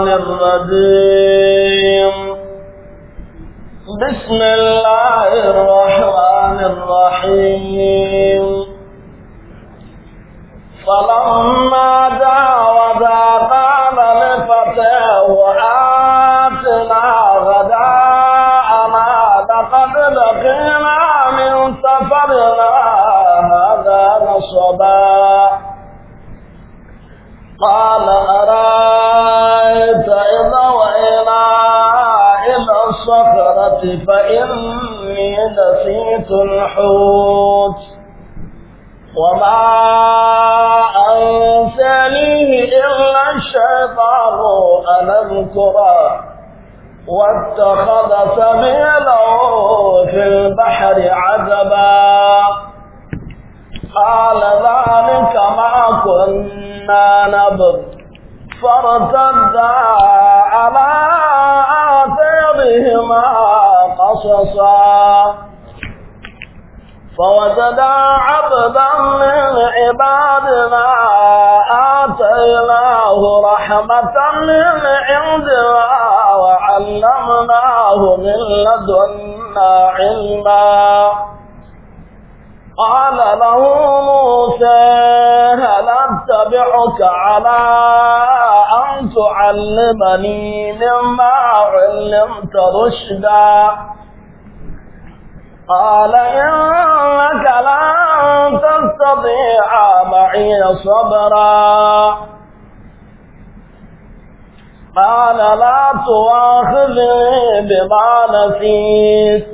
الرجيم بسم الله الرحمن الرحيم فلما جاء فإني نسيت الحوت وما أنسانيه إلا الشيطان أن أذكره واتخذ سبيله في البحر عذبا قال ذلك ما كنا نبغ فارتدا على آثارهما قصصا فوجدا عبدا من عبادنا آتيناه رحمة من عندنا وعلمناه من لدنا علما قال له موسى هل اتبعك على أن تعلمني مما علمت رشدا قال إنك لن تستطيع معي صبرا قال لا تواخذني بما نسيت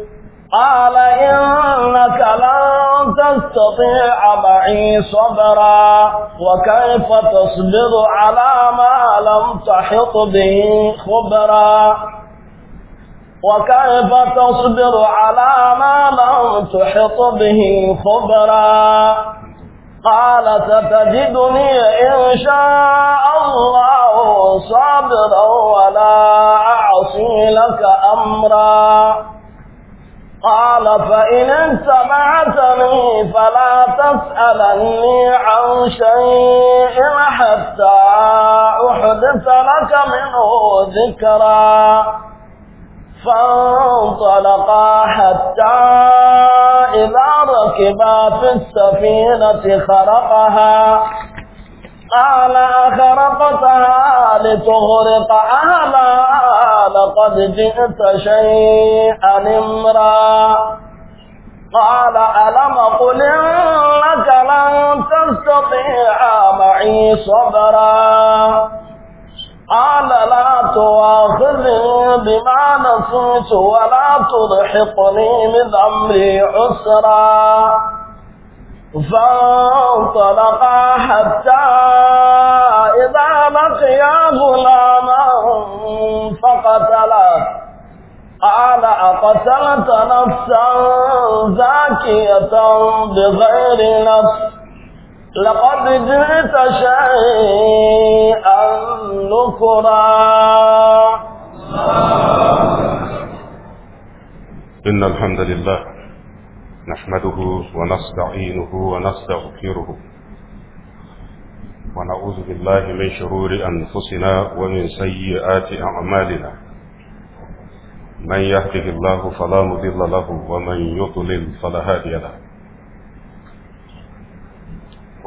قال إنك لن تستطيع معي صبرا وكيف تصبر على ما لم تحط به خبرا وكيف تصبر على ما لم تحط به خبرا قال ستجدني إن شاء الله صابرا ولا أعصي لك أمرا قال فإن اتبعتني فلا تسألني عن شيء حتى أحدث لك منه ذكرا فانطلقا حتى إذا ركبا في السفينة خرقها قال أخرقتها لتغرق أهلا لقد جئت شيئا امرا قال ألم قل إنك لن تستطيع معي صبرا قال لا تواخذني بما نسيت ولا تضحقني من أمري عسرا فانطلقا حتى إذا لقيا غلاما فقتلا قال أقتلت نفسا زاكية بغير نفس لقد جئت شيئا نكرا إن الحمد لله نحمده ونستعينه ونستغفره ونعوذ بالله من شرور أنفسنا ومن سيئات أعمالنا من يهده الله فلا مضل له ومن يضلل فلا هادي له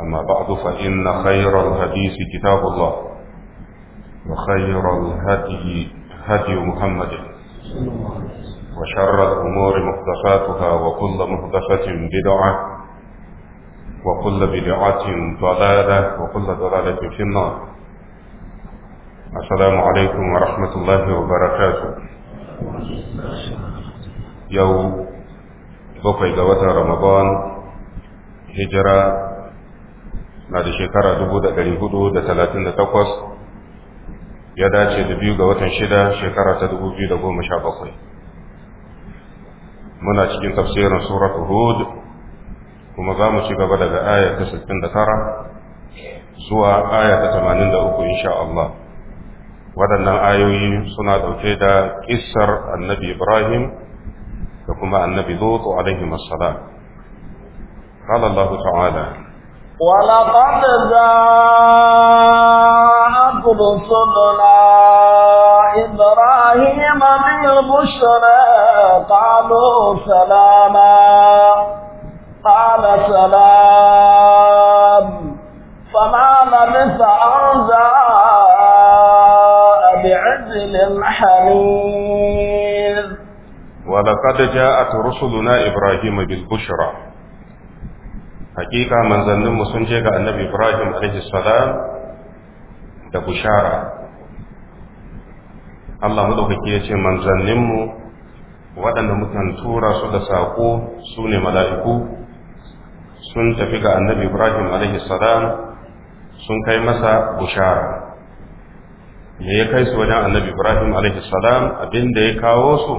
أما بعد فإن خير الحديث كتاب الله وخير الهدي هدي محمد وشر الأمور محدثاتها وكل محدثة بدعة وكل بدعة ضلالة وكل ضلالة في النار السلام عليكم ورحمة الله وبركاته يوم بقي رمضان هجرة na da shekara 438 ya dace da biyu ga watan shida shekara ta 2017 muna cikin tafsirin surat hud kuma za mu ci gaba daga aya ta 69 zuwa aya ta 83 insha Allah waɗannan ayoyi suna ɗauke da ƙisar annabi ibrahim da kuma annabi lutu alaihi masalam قال الله تعالى ولقد جاءت رسلنا إبراهيم بالبشرى قالوا سلاما قال سلام فما لبث أن جاء بعجل حنيذ ولقد جاءت رسلنا إبراهيم بالبشرى hakika manzanninmu sun je ga annabi ibrahim salam da bushara allah maɗaukaki ya ce manzanninmu waɗanda mukan tura su da saƙo su ne mala'iku sun tafi ga annabi ibrahim salam sun kai masa bushara me ya kai su wajen annabi ibrahim alaihissalam abin da ya kawo su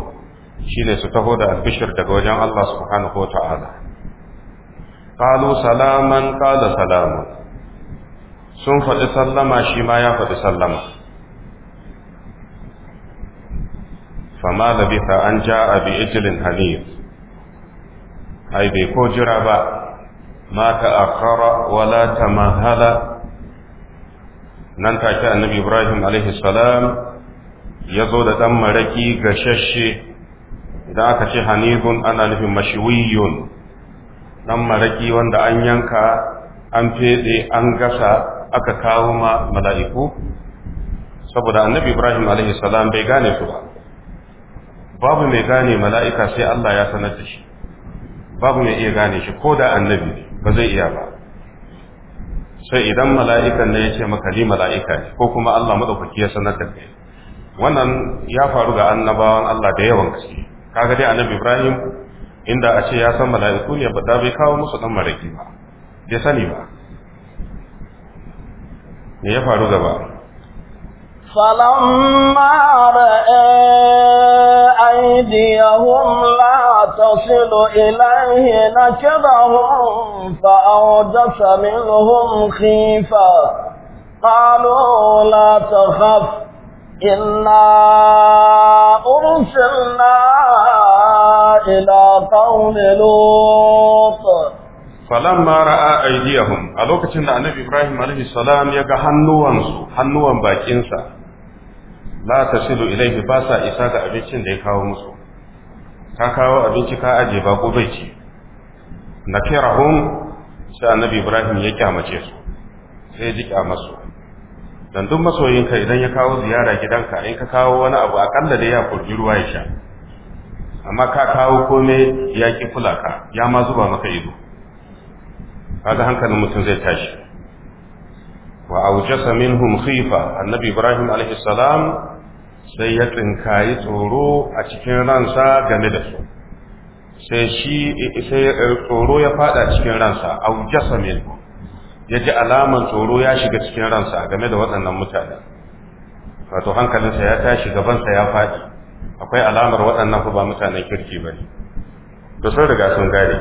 shine su taho da albishir daga wajen allah subhanahu wa ta'ala qalu salaman Kala salama sun faɗi sallama shi ma ya faɗi sallama fama labitha an a bi ijilin hanif ai bai ko jira ba ma akara wala mahala. nan take annabi Ibrahim alaihi salam ya zo da dan maraki gasasshe, idan aka ce hanifun ana nufin mashwiyun dan maraki wanda an yanka an fede an gasa aka kawo ma mala'iku saboda annabi ibrahim alaihi salam bai gane su ba babu mai gane mala'ika sai Allah ya sanar da shi babu mai iya gane shi ko da annabi ba zai iya ba sai idan mala'ikan ne ya ce maka ni mala'ika ne ko kuma Allah maɗaukaki ya sanar da kai wannan ya faru ga annabawan Allah da yawan gaske kaga dai annabi Ibrahim inda a ce ya san mala’iku ne ba bai kawo musu ɗan maraƙi ba ya sani ba ne ya faru gaba falamma da aidi ya hula ta filo na kira hun fa a wajasa min hun kifa ta haf ina ƙunshin إلى قوم لوط falamma ra'a aydiyahum a lokacin da annabi ibrahim alaihi salam ya ga hannuwansu hannuwan bakinsa la tasilu ilaihi ba sa isa ga abincin da ya kawo musu ka kawo abinci ka aje ba ko bai ci nakirahum sai annabi ibrahim ya kyamace su sai ji kyamasu dan duk masoyinka idan ya kawo ziyara gidanka in ka kawo wani abu akalla da ya kurji ruwa ya sha amma ka kawo komai ya ki fulaka ka ya ma zuba maka ido kaga hankalin mutum zai tashi wa aujasa minhum khifa annabi ibrahim alaihi salam sai ya tsinkayi tsoro a cikin ransa game da su sai shi sai tsoro ya fada cikin ransa aujasa jasamil ya ji alaman tsoro ya shiga cikin ransa game da waɗannan mutane wato hankalinsa ya tashi gabansa ya fadi akwai alamar waɗannan ba mutanen kirki ba ne to sun riga sun gari,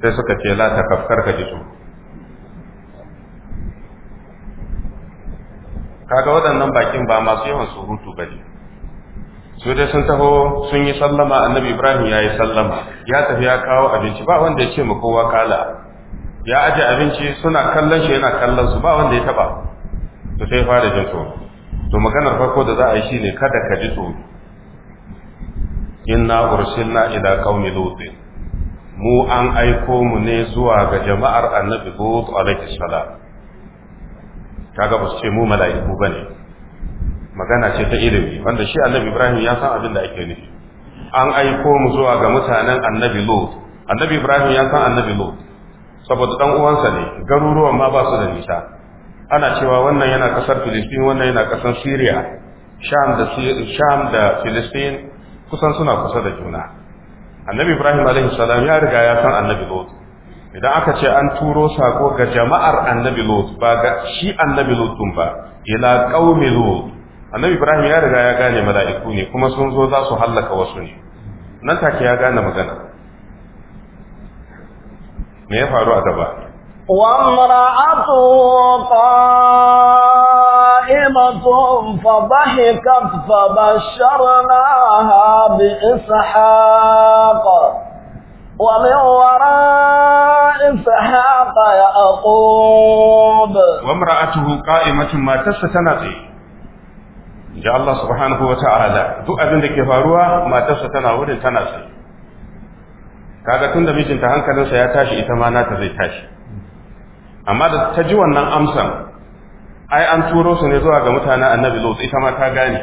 sai suka ce la ta kafkar ka ji kaga waɗannan bakin ba masu yawan surutu ba ne su dai sun taho sun yi sallama annabi ibrahim ya yi sallama ya tafi ya kawo abinci ba wanda ya ce ma kowa kala ya aje abinci suna kallon shi yana kallon su ba wanda ya taba to sai fara jin tsoro to maganar farko da za a yi ne, kada ka ji tsoro inna ursilna ila qaumi lut mu an aiko mu ne zuwa ga jama'ar annabi lut alayhi salam kaga ba su ce mu mala'iku bane magana ce ta ilimi wanda shi annabi ibrahim ya san abin da ake nufi an aiko mu zuwa ga mutanen annabi lut annabi ibrahim ya san annabi lut saboda dan uwansa ne garuruwan ma ba su da nisa ana cewa wannan yana kasar filistin wannan yana kasar syria sham da sham da filistin kusan suna kusa da juna annabi ibrahim alaihi salam ya riga ya san annabi lot idan aka ce an turo sako ga jama'ar annabi lot ba ga shi annabi lot ba ila qaumi lot annabi ibrahim ya riga ya gane mala'iku ne kuma sun zo za su hallaka wasu ne nan take ya gane magana me ya faru a gaba wa mara'atu نائمة فضحكت فبشرناها بإسحاق ومن وراء إسحاق يعقوب وامرأته قائمة ما تستنطي da Allah subhanahu wa ta'ala duk abin ke faruwa matarsa tana wurin tana kaga tunda mijinta hankalinsa ya tashi ita ma nata zai tashi amma da ta ji wannan amsan ai an turo su ne zuwa ga mutanen annabi lot ita ma ta gane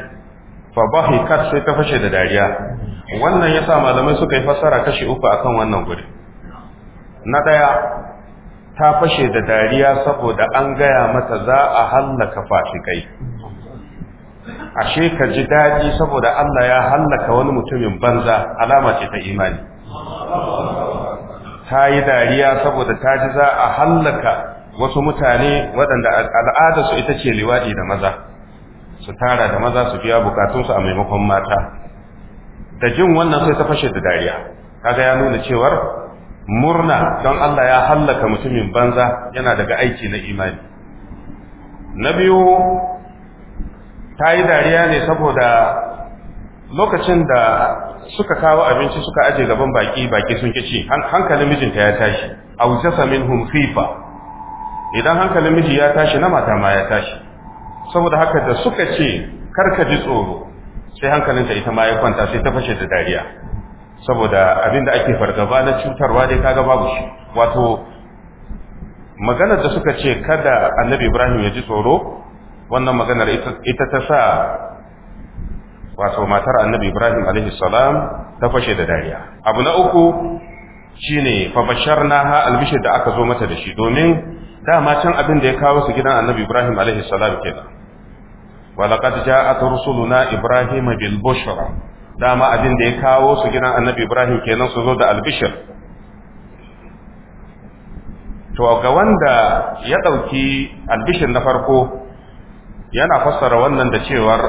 fa bahikat sai ta fashe da dariya wannan yasa malamai suka yi fassara kashi uku akan wannan guri na daya ta fashe da dariya saboda an gaya mata za a hallaka fasikai ashe ka ji daɗi saboda Allah ya hallaka wani mutumin banza alama ce ta imani ta yi dariya saboda ta ji za a hallaka wasu mutane waɗanda al'adarsu ita ce liwaɗi da maza su tara da maza su biya bukatunsu a maimakon mata da jin wannan sai ta fashe da dariya kaga ya nuna cewar murna don Allah ya hallaka mutumin banza yana daga aiki na imani na biyu ta yi dariya ne saboda lokacin da suka kawo abinci suka aje gaban baki baki sun kici hankalin mijinta ya tashi aujasa minhum khifa idan hankalin miji ya tashi na mata ma ya tashi saboda haka da suka ce karka ji tsoro sai hankalinta ita ma ya kwanta sai ta fashe da dariya saboda abinda ake fargaba na cutarwa dai kaga babu shi wato maganar da suka ce kada annabi ibrahim ya ji tsoro wannan maganar ita ta sa wato matar annabi ibrahim alaihi salam ta fashe da dariya abu na uku shine fa basharnaha albishir da aka zo mata da shi domin dama can abin da ya kawo su gidan annabi ibrahim alaihi salam kenan walaqad ja'at rusuluna ibrahim bil bushra dama abin da ya kawo su gidan annabi ibrahim kenan su zo da albishir to ga wanda ya ɗauki albishir na farko yana fassara wannan da cewar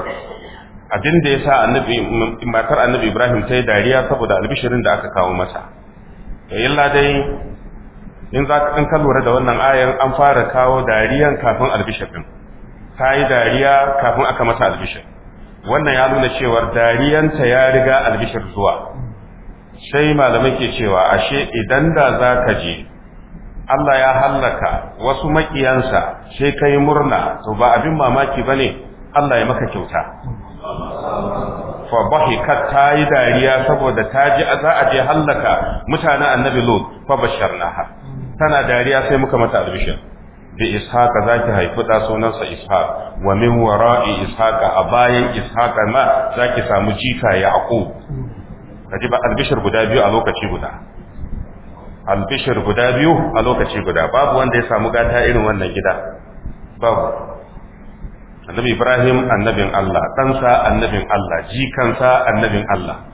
abin da ya sa annabi matar annabi ibrahim ta yi dariya saboda albishirin da aka kawo mata yayin ladai in za ka ɗin kalwara da wannan ayan an fara kawo dariyan kafin albishir ta yi dariya kafin aka mata albishir wannan ya nuna cewar dariyanta ya riga albishar zuwa sai malamai ke cewa ashe idan da za ka je Allah ya hallaka wasu makiyansa sai ka yi murna to ba abin mamaki ba ne Allah ya maka kyauta fa bahikat ta yi dariya saboda ta ji za a je hallaka mutanen annabi lot na tana dariya sai muka mata albishir bi ishaqa zaki haifi da sunansa ishaq wa min wara'i ishaqa a bayan ishaqa ma zaki samu jika yaqub kaji ba albishir guda biyu a lokaci guda albishir guda biyu a lokaci guda babu wanda ya samu gata irin wannan gida babu annabi ibrahim annabin allah ɗansa annabin allah jikansa annabin allah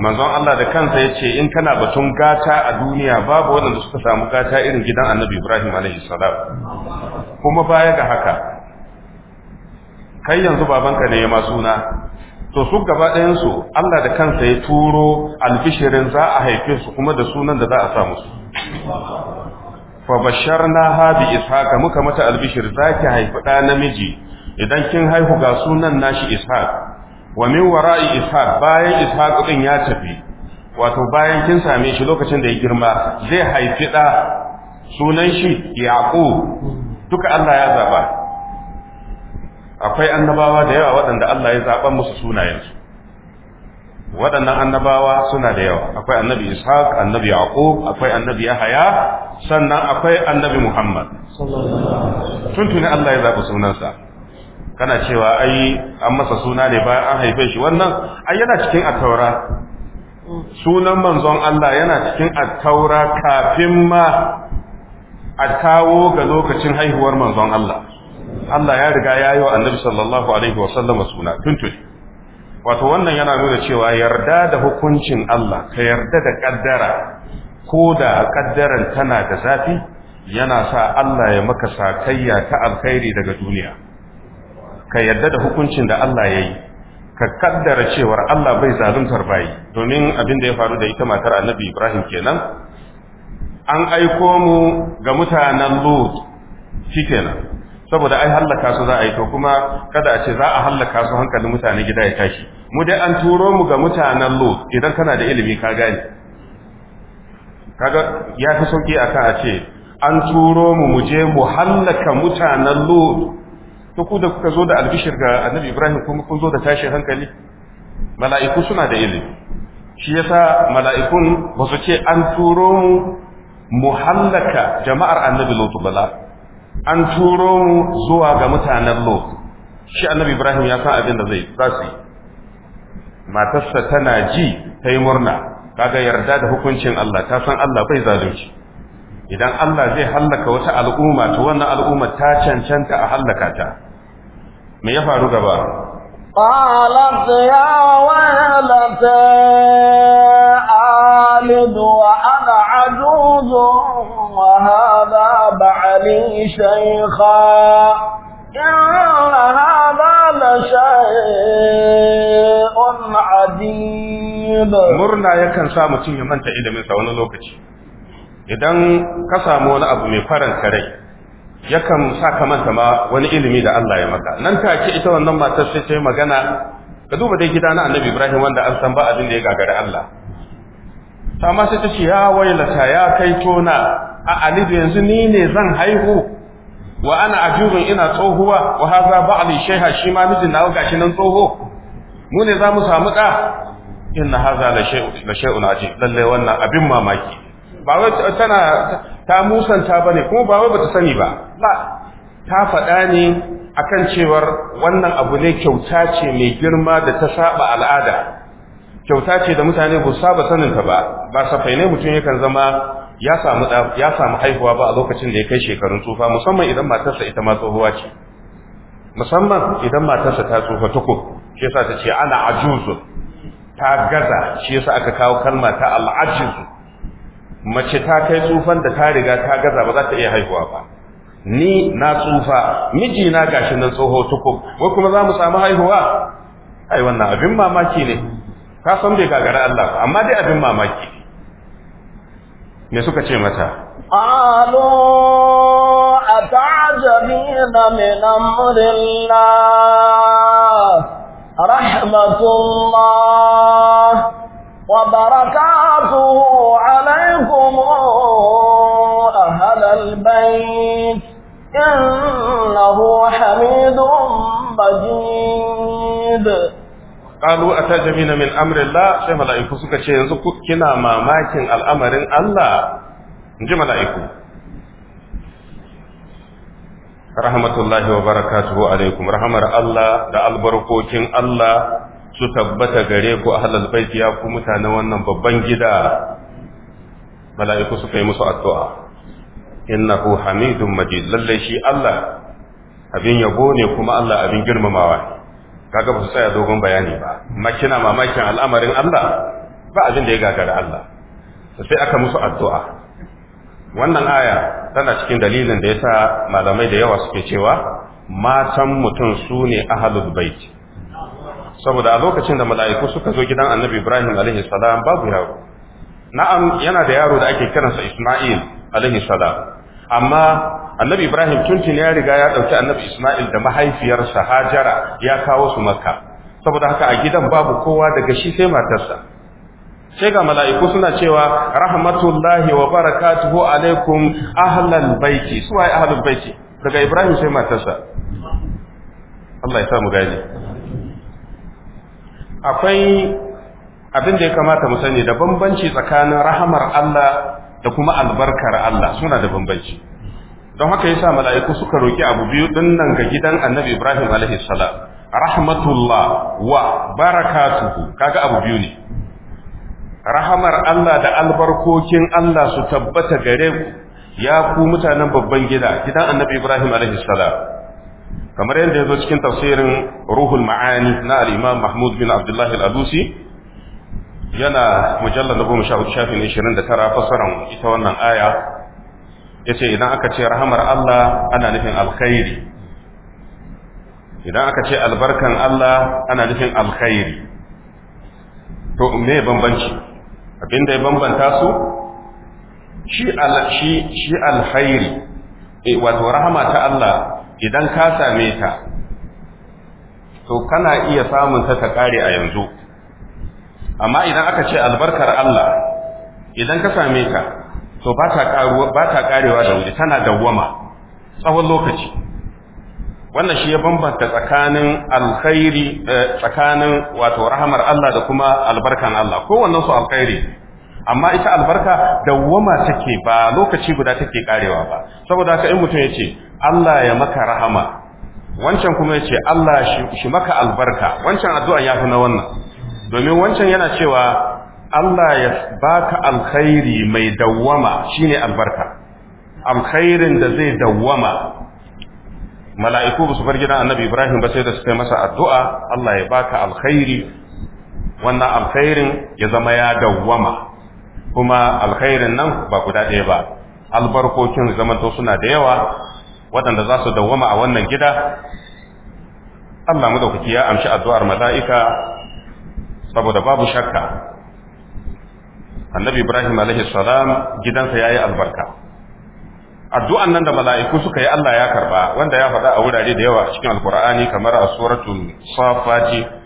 manzon Allah da kansa ya ce in kana batun gata a duniya babu waɗanda suka samu gata irin gidan annabi Ibrahim A.S. kuma baya ga haka kai yanzu babanka ne ya ma suna to su gaba ɗayansu Allah da kansa ya turo albishirin za a haife su kuma da sunan da za a sa musu fa na haɗi bi muka mata albishir zaki haifi ɗa namiji idan kin haihu ga sunan nashi ishaq wa min wara'i ishaq bayan ishaq din ya tafi wato bayan kin same shi lokacin da ya girma zai haifi da sunan shi yaqub duka Allah ya zaba akwai annabawa da yawa waɗanda Allah ya zaba musu sunayensu waɗannan annabawa suna da yawa akwai annabi ishaq annabi yaqub akwai annabi yahaya sannan akwai annabi muhammad tuntuni Allah ya zaɓi sunansa kana cewa ai an masa suna ne bayan an haife shi wannan ai yana cikin attaura sunan manzon Allah yana cikin attaura kafin ma a kawo ga lokacin haihuwar manzon Allah Allah ya riga ya yi wa annabi sallallahu alaihi wasallam suna tuntuni wato wannan yana nuna cewa yarda da hukuncin Allah ka yarda da kaddara ko da kaddaran tana da zafi yana sa Allah ya maka sakayya ta alkhairi daga duniya ka yadda da hukuncin da Allah ya yi ka kaddara cewar Allah bai zaluntar bayi domin abin da ya faru da ita matar annabi Ibrahim kenan an aiko mu ga mutanen Lut shikenan saboda ai hallaka su za a yi to kuma kada a ce za a hallaka su hankalin mutane gida ya tashi mu dai an turo mu ga mutanen Lut idan kana da ilimi ka gane ya fi sauki akan a ce an turo mu mu je mu hallaka mutanen Lut to ku da kuka zo da albishir ga annabi ibrahim kuma kun zo da tashin hankali mala'iku suna da ilimi shi yasa mala'ikun ba su ce an turo mu mu hallaka jama'ar annabi lutu bala an turo mu zuwa ga mutanen lo shi annabi ibrahim ya san abin da zai za yi matarsa tana ji ta yi murna kaga yarda da hukuncin allah ta san allah bai zalunci idan Allah zai hallaka wata al'umma ta wannan al'umma ta cancanta a hallaka ta me ya faru gaba qalat ya walata an wa ana ajuz wa hadha ba'li shaykha inna hadha la shay'un adib murna yakan sa mutum ya manta ilimin sa wani lokaci idan ka samu wani abu mai faranta rai yakan sa ka manta ma wani ilimi da Allah ya maka nan ta ce ita wannan matar sai ta yi magana ka duba dai gida na Annabi Ibrahim wanda an san ba abin da ya gagari Allah ta ma sai ta ce ya wailata ya kai tona a alibi yanzu ni ne zan haihu wa ana ajurin ina tsohuwa wa haza ba'li shaiha shi ma mijin na gashi nan tsoho mu ne za mu samu ɗa inna haza la shay'un ajib lalle wannan abin mamaki ba wai tana ta musanta bane kuma ba wai bata sani ba la ta faɗa ne akan cewar wannan abu ne kyauta ce mai girma da ta saba al'ada kyauta ce da mutane ba saba sanin ta ba ba safai ne mutum yakan zama ya samu ya samu haihuwa ba a lokacin da ya kai shekarun tsufa musamman idan matarsa ita ma tsohuwa ce musamman idan matarsa ta tsufa tuku shi yasa ta ce ana ajuzu ta gaza shi yasa aka kawo kalma ta al'ajizu mace ta kai tsufan da ta riga ta gaza ba za ta iya haihuwa ba ni na tsufa miji na gashi nan tsoho tukub wai kuma za mu samu haihuwa ai wannan abin mamaki ne ka san bai gagara Allah ba amma dai abin mamaki me suka ce mata قالوا أتعجبين min amrillah rahmatullah وبركاته عليكم أهل البيت إنه حميد مجيد قالوا أتجمين من أمر الله شيء ملائكو سكا شيء ينزكو كنا ماكن الأمر الله نجي ملائكو rahmatullahi wa barakatuhu alaikum rahmar Allah da albarkokin Allah su tabbata gare ku ahlal baiti ya ku mutane wannan babban gida mala'iku suka yi musu addu'a innahu hamidun majid lalle shi Allah abin yabo ne kuma Allah abin girmamawa kaga ba su tsaya dogon bayani ba makina mamakin al'amarin Allah ba abin da ya gagara Allah sai aka musu addu'a wannan aya tana cikin dalilin da yasa malamai da yawa suke cewa matan mutum sune ne ahlul baiti saboda a lokacin da mala'iku suka zo gidan annabi ibrahim alaihi salam babu yaro na'am yana da yaro da ake kiransa isma'il alaihi salam amma annabi ibrahim tuntun ya riga ya ɗauki annabi isma'il da mahaifiyarsa hajara ya kawo su makka saboda haka a gidan babu kowa daga shi sai matarsa sai ga mala'iku suna cewa rahmatullahi wa barakatuhu alaikum ahlan baiti suwaye ahlul baiti daga ibrahim sai matarsa Allah ya samu gani akwai abin da ya kamata mu sani da bambanci tsakanin rahamar Allah da kuma albarkar Allah suna da bambanci don haka yasa mala'iku suka roki abu biyu din nan ga gidan Annabi Ibrahim alaihi salam rahmatullah wa barakatuhu kaga abu biyu ne rahamar Allah da albarkokin Allah su tabbata gare ku ya ku mutanen babban gida gidan Annabi Ibrahim alaihi salam kamar yadda ya zo cikin tafsirin ruhul ma'ani na alimam mahmud bin abdullahi al-adusi yana mujallar na goma shafin ishirin da tara fassaran ita wannan aya ya ce idan aka ce rahamar Allah ana nufin alkhairi idan aka ce albarkan Allah ana nufin alkhairi to me bambanci abinda ya bambanta su shi alkhairi eh, wato rahama ta Allah idan ka same ta to kana iya samun ta ta kare a yanzu amma idan aka ce albarkar Allah idan ka same ka to ba ta karuwa ba ta karewa da wuri tana dawwama tsawon lokaci wannan shi ya bambanta tsakanin alkhairi eh, tsakanin wato rahamar Allah da kuma albarkan Allah kowannen su alkhairi amma ita albarka dawwama take ba lokaci guda take karewa ba saboda haka in mutum yace Allah ya maka rahama wancan kuma yace Allah shi maka albarka wancan addu'an fi na wannan domin wancan yana cewa Allah ya baka alkhairi mai dawwama shine albarka alkhairin da zai dawwama mala'iku su bar gidan annabi Ibrahim ba sai da su kai masa addu'a Allah ya baka alkhairi wannan alkhairin ya zama ya dawwama kuma alkhairin nan ba guda ɗaya ba albarkokin zamanto suna da yawa waɗanda za su dawwama a wannan gida Allah madaukaki ya amshi addu'ar mala'ika saboda babu shakka annabi Ibrahim alaihi salam gidansa yi albarka addu'an nan da mala'iku suka yi Allah ya karba wanda ya faɗa a wurare da yawa cikin alkur'ani kamar a suratul safati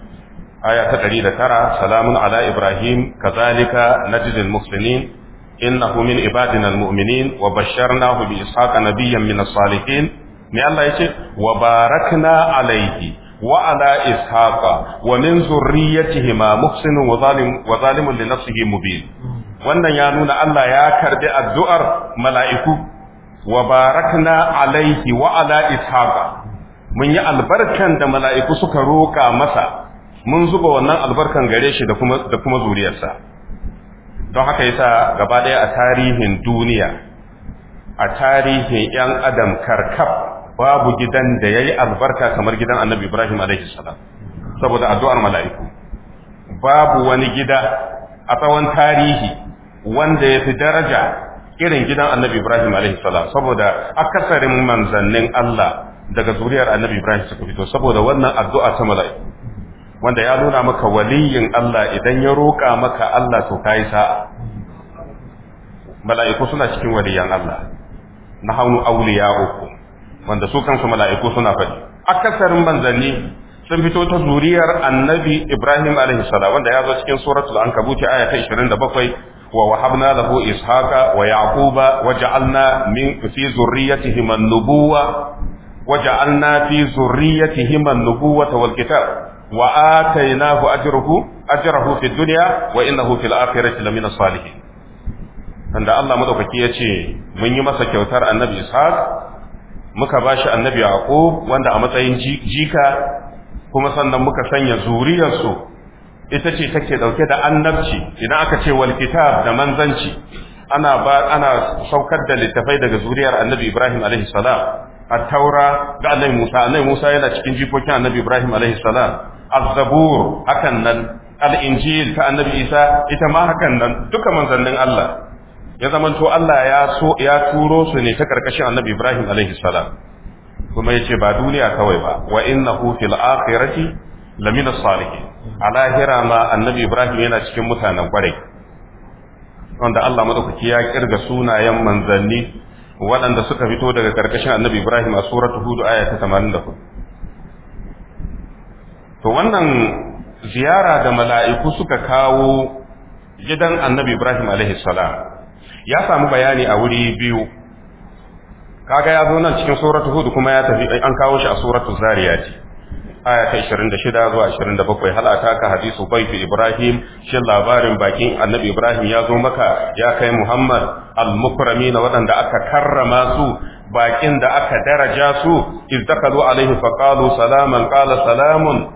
aya ta ɗari da tara salamun ala ibrahim kazalika najzil muslimin innahu min ibadina muminin wa basharnahu bi ishaqa nabiyyan min as-salihin ne Allah yace wa barakna alayhi wa ala ishaqa wa min ma muhsinun wa zalim wa zalimun li nafsihi mubin wannan ya nuna Allah ya karbi addu'ar mala'iku wa barakna alaihi wa ala ishaqa mun yi albarkan da mala'iku suka roƙa masa mun zuba wannan albarkan gare shi da kuma zuriyarsa don haka yasa gaba ɗaya a tarihin duniya a tarihin yan adam karkab babu gidan da yayi albarka kamar gidan Annabi Ibrahim alaihi salam saboda addu'ar mala'iku babu wani gida a tsawon tarihi wanda ya fi daraja irin gidan annabi Ibrahim alaihi salam saboda akasarin manzannin Allah daga zuriyar annabi Ibrahim suka fito saboda wannan addu'a ta mala'iku wanda ya nuna maka waliyin Allah idan ya roƙa maka Allah to kai sa'a mala'iku suna cikin waliyan Allah na haunu uku, wanda su kansu mala'iku suna faɗi akasarin manzanni sun fito ta zuriyar annabi Ibrahim alaihi wanda ya zo cikin suratul ankabut aya ta 27 ووهبنا له إسحاق ويعقوب وجعلنا an في ذريتهما النبوة وجعلنا في ذريتهما النبوة والكتاب wa atainahu ajruhu ajrahu fid dunya wa innahu fil akhirati lamina salihin tanda Allah madaukaki yace mun yi masa kyautar annabi Ishaq muka bashi annabi Yaqub wanda a matsayin jika kuma sannan muka sanya zuriyarsu ita ce take dauke da annabci idan aka ce wal kitab da manzanci ana ba ana saukar da littafai daga zuriyar annabi Ibrahim alaihi salam at-taura da annabi Musa annabi Musa yana cikin jikokin annabi Ibrahim alaihi salam az-zabur hakan nan al-injil ta annabi Isa ita ma hakan nan duka manzannin Allah ya zamanto Allah ya so ya turo su ne ta karkashin annabi Ibrahim alaihi salam kuma ba duniya kawai ba wa innahu fil akhirati lamina salihin a lahira ma annabi Ibrahim yana cikin mutanen kwarai wanda Allah madaukaki ya kirga sunayen manzanni waɗanda suka fito daga karkashin annabi Ibrahim a suratu hudu aya ta 84 to wannan ziyara da mala'iku suka kawo gidan annabi Ibrahim salam ya samu bayani a wuri biyu kaga ya zo nan cikin suratu hudu kuma ya tafi an kawo shi a Zariya ce. aya ta 26 zuwa 27 hal ataka hadisu baiti ibrahim shin labarin bakin annabi ibrahim ya zo maka ya kai muhammad al waɗanda aka karrama su bakin da aka daraja su iz dakalu alaihi faqalu salaman qala salamun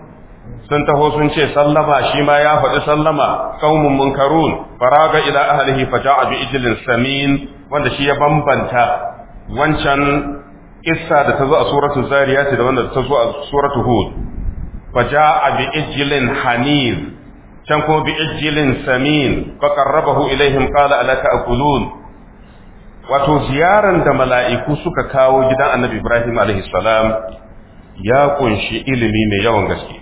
sun taho sun ce sallama shi ma ya faɗi sallama qaumun munkarun faraga ila ahlihi faja'a bi ijlin samin wanda shi ya bambanta wancan kissa da ta zo a suratul zariyat da wanda ta zo a suratul hud faja'a bi ijlin hanir can kuma bi ijlin samin fa qarrabahu ilaihim qala ala ta'kulun wato ziyaran da mala'iku suka kawo gidan annabi ibrahim alaihi salam ya kunshi ilimi mai yawan gaske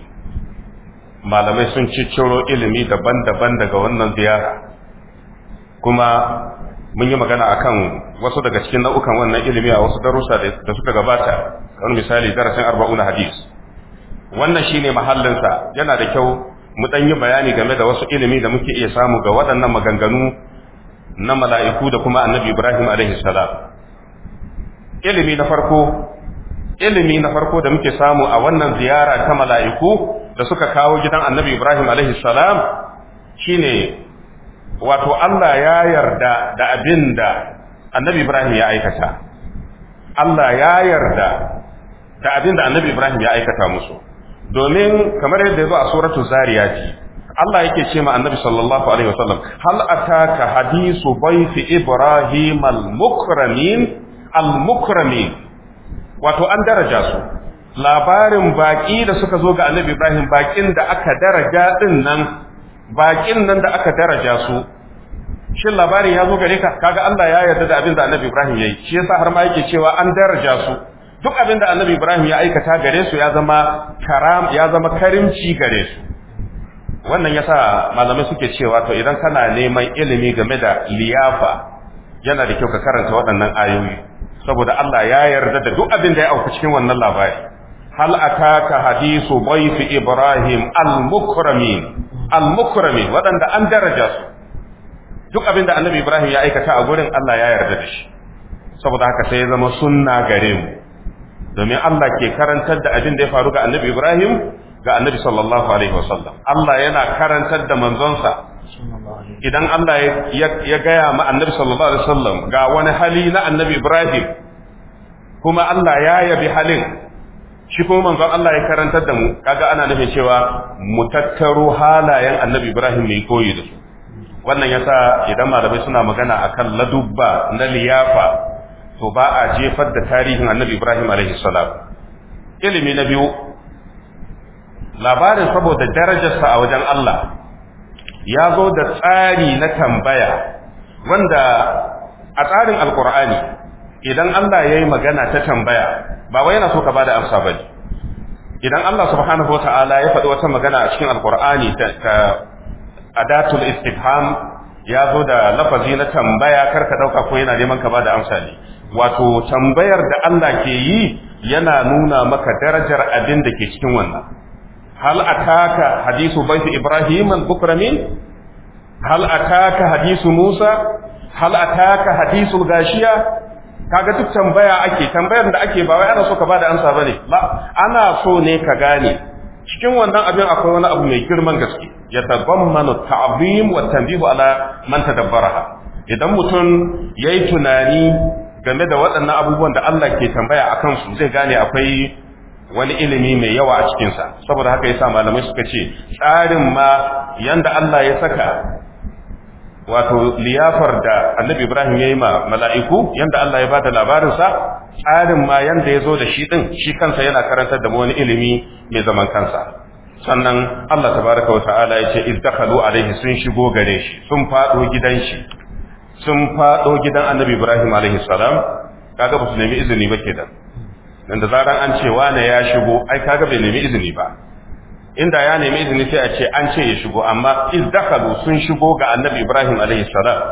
malamai sun cicciro ilimi daban-daban daga wannan ziyara kuma mun yi magana akan wasu daga cikin nau'ukan wannan ilimi a wasu darussa da suka gabata kamar misali darasin arba'una hadis wannan shine mahallinsa yana da kyau mu dan yi bayani game da wasu ilimi da muke iya samu ga waɗannan maganganu na mala'iku da kuma annabi Ibrahim alaihi salam ilimi na farko ilimi na farko da muke samu a wannan ziyara ta mala'iku da suka kawo gidan annabi Ibrahim alaihi salam shine wato Allah ya yarda da abin da annabi Ibrahim ya aikata Allah ya yarda da abin da annabi Ibrahim ya aikata musu domin kamar yadda ya zo a suratul zariyati Allah yake ce ma annabi sallallahu alaihi wasallam hal ataka hadisu baiti ibrahim al-mukramin al-mukramin wato an daraja su labarin baƙi da suka zo ga annabi ibrahim baƙin da aka daraja din nan baƙin nan da aka daraja su shin labarin ya zo gare ka kaga allah ya yarda da abin da annabi ibrahim ya yi shi yasa har ma yake cewa an daraja su duk abin da annabi ibrahim ya aikata gare su ya zama karam ya zama karimci gare su wannan yasa malamai suke cewa to idan kana neman ilimi game da liyafa yana da kyau ka karanta waɗannan ayoyi saboda Allah ya yarda da duk abin da ya auku cikin wannan labari hal ataka hadisu bayfi ibrahim al-mukramin al-mukramin wadanda an daraja duk abin da annabi ibrahim ya aikata a gurin Allah ya yarda da shi saboda haka sai ya zama sunna gare mu domin Allah ke karantar da abin da ya faru ga annabi ibrahim ga annabi sallallahu alaihi wasallam Allah yana karantar da manzonsa idan Allah ya gaya ma annabi sallallahu alaihi wasallam ga wani hali na annabi ibrahim kuma Allah ya yabi halin shi kuma manzon Allah ya karantar da mu kaga ana nufin cewa mu tattaro halayen annabi Ibrahim ne koyi da su wannan yasa idan malamai suna magana akan ladubba na liyafa to ba a jefar da tarihin annabi Ibrahim alaihi salam ilimi na biyu labarin saboda darajarsa a wajen Allah ya zo da tsari na tambaya wanda a tsarin alkur'ani idan Allah ya yi magana ta tambaya ba wai yana so ka bada amsa bane idan Allah subhanahu wa ta'ala ya faɗi wata magana a cikin alkur'ani ta adatul istifham ya zo da lafazi na tambaya kar ka ɗauka ko yana neman ka bada amsa ne wato tambayar da Allah ke yi yana nuna maka darajar abin da ke cikin wannan hal ataka hadisu baiti ibrahim al-bukramin hal ataka hadisu musa hal ataka hadisu gashiya kaga duk tambaya ake tambayar da ake ba wai ana so ka bada amsa bane ba ana so ne ka gane cikin wannan abin akwai wani abu mai girman gaske ya tabammanu ta'zim wa tanbihu ala man tadabbaraha idan mutum yayi tunani game da waɗannan abubuwan da Allah ke tambaya akan su zai gane akwai wani ilimi mai yawa a cikinsa saboda haka yasa malamai suka ce tsarin ma yanda Allah ya saka wato liyafar da annabi ibrahim ya yi ma mala'iku yanda allah ya ba da labarinsa tsarin ma yanda ya zo da shi din shi kansa yana karantar da wani ilimi mai zaman kansa sannan allah tabaraka wa ta'ala ya ce izdakalu alaihi sun shigo gare shi sun faɗo gidan shi sun faɗo gidan annabi ibrahim alaihi salam kaga ba su nemi izini ba kenan dan da zaran an ce wane ya shigo ai kaga bai nemi izini ba inda ya nemi izini sai a ce an ce ya shigo amma izdakalu sun shigo ga annabi ibrahim alaihi salam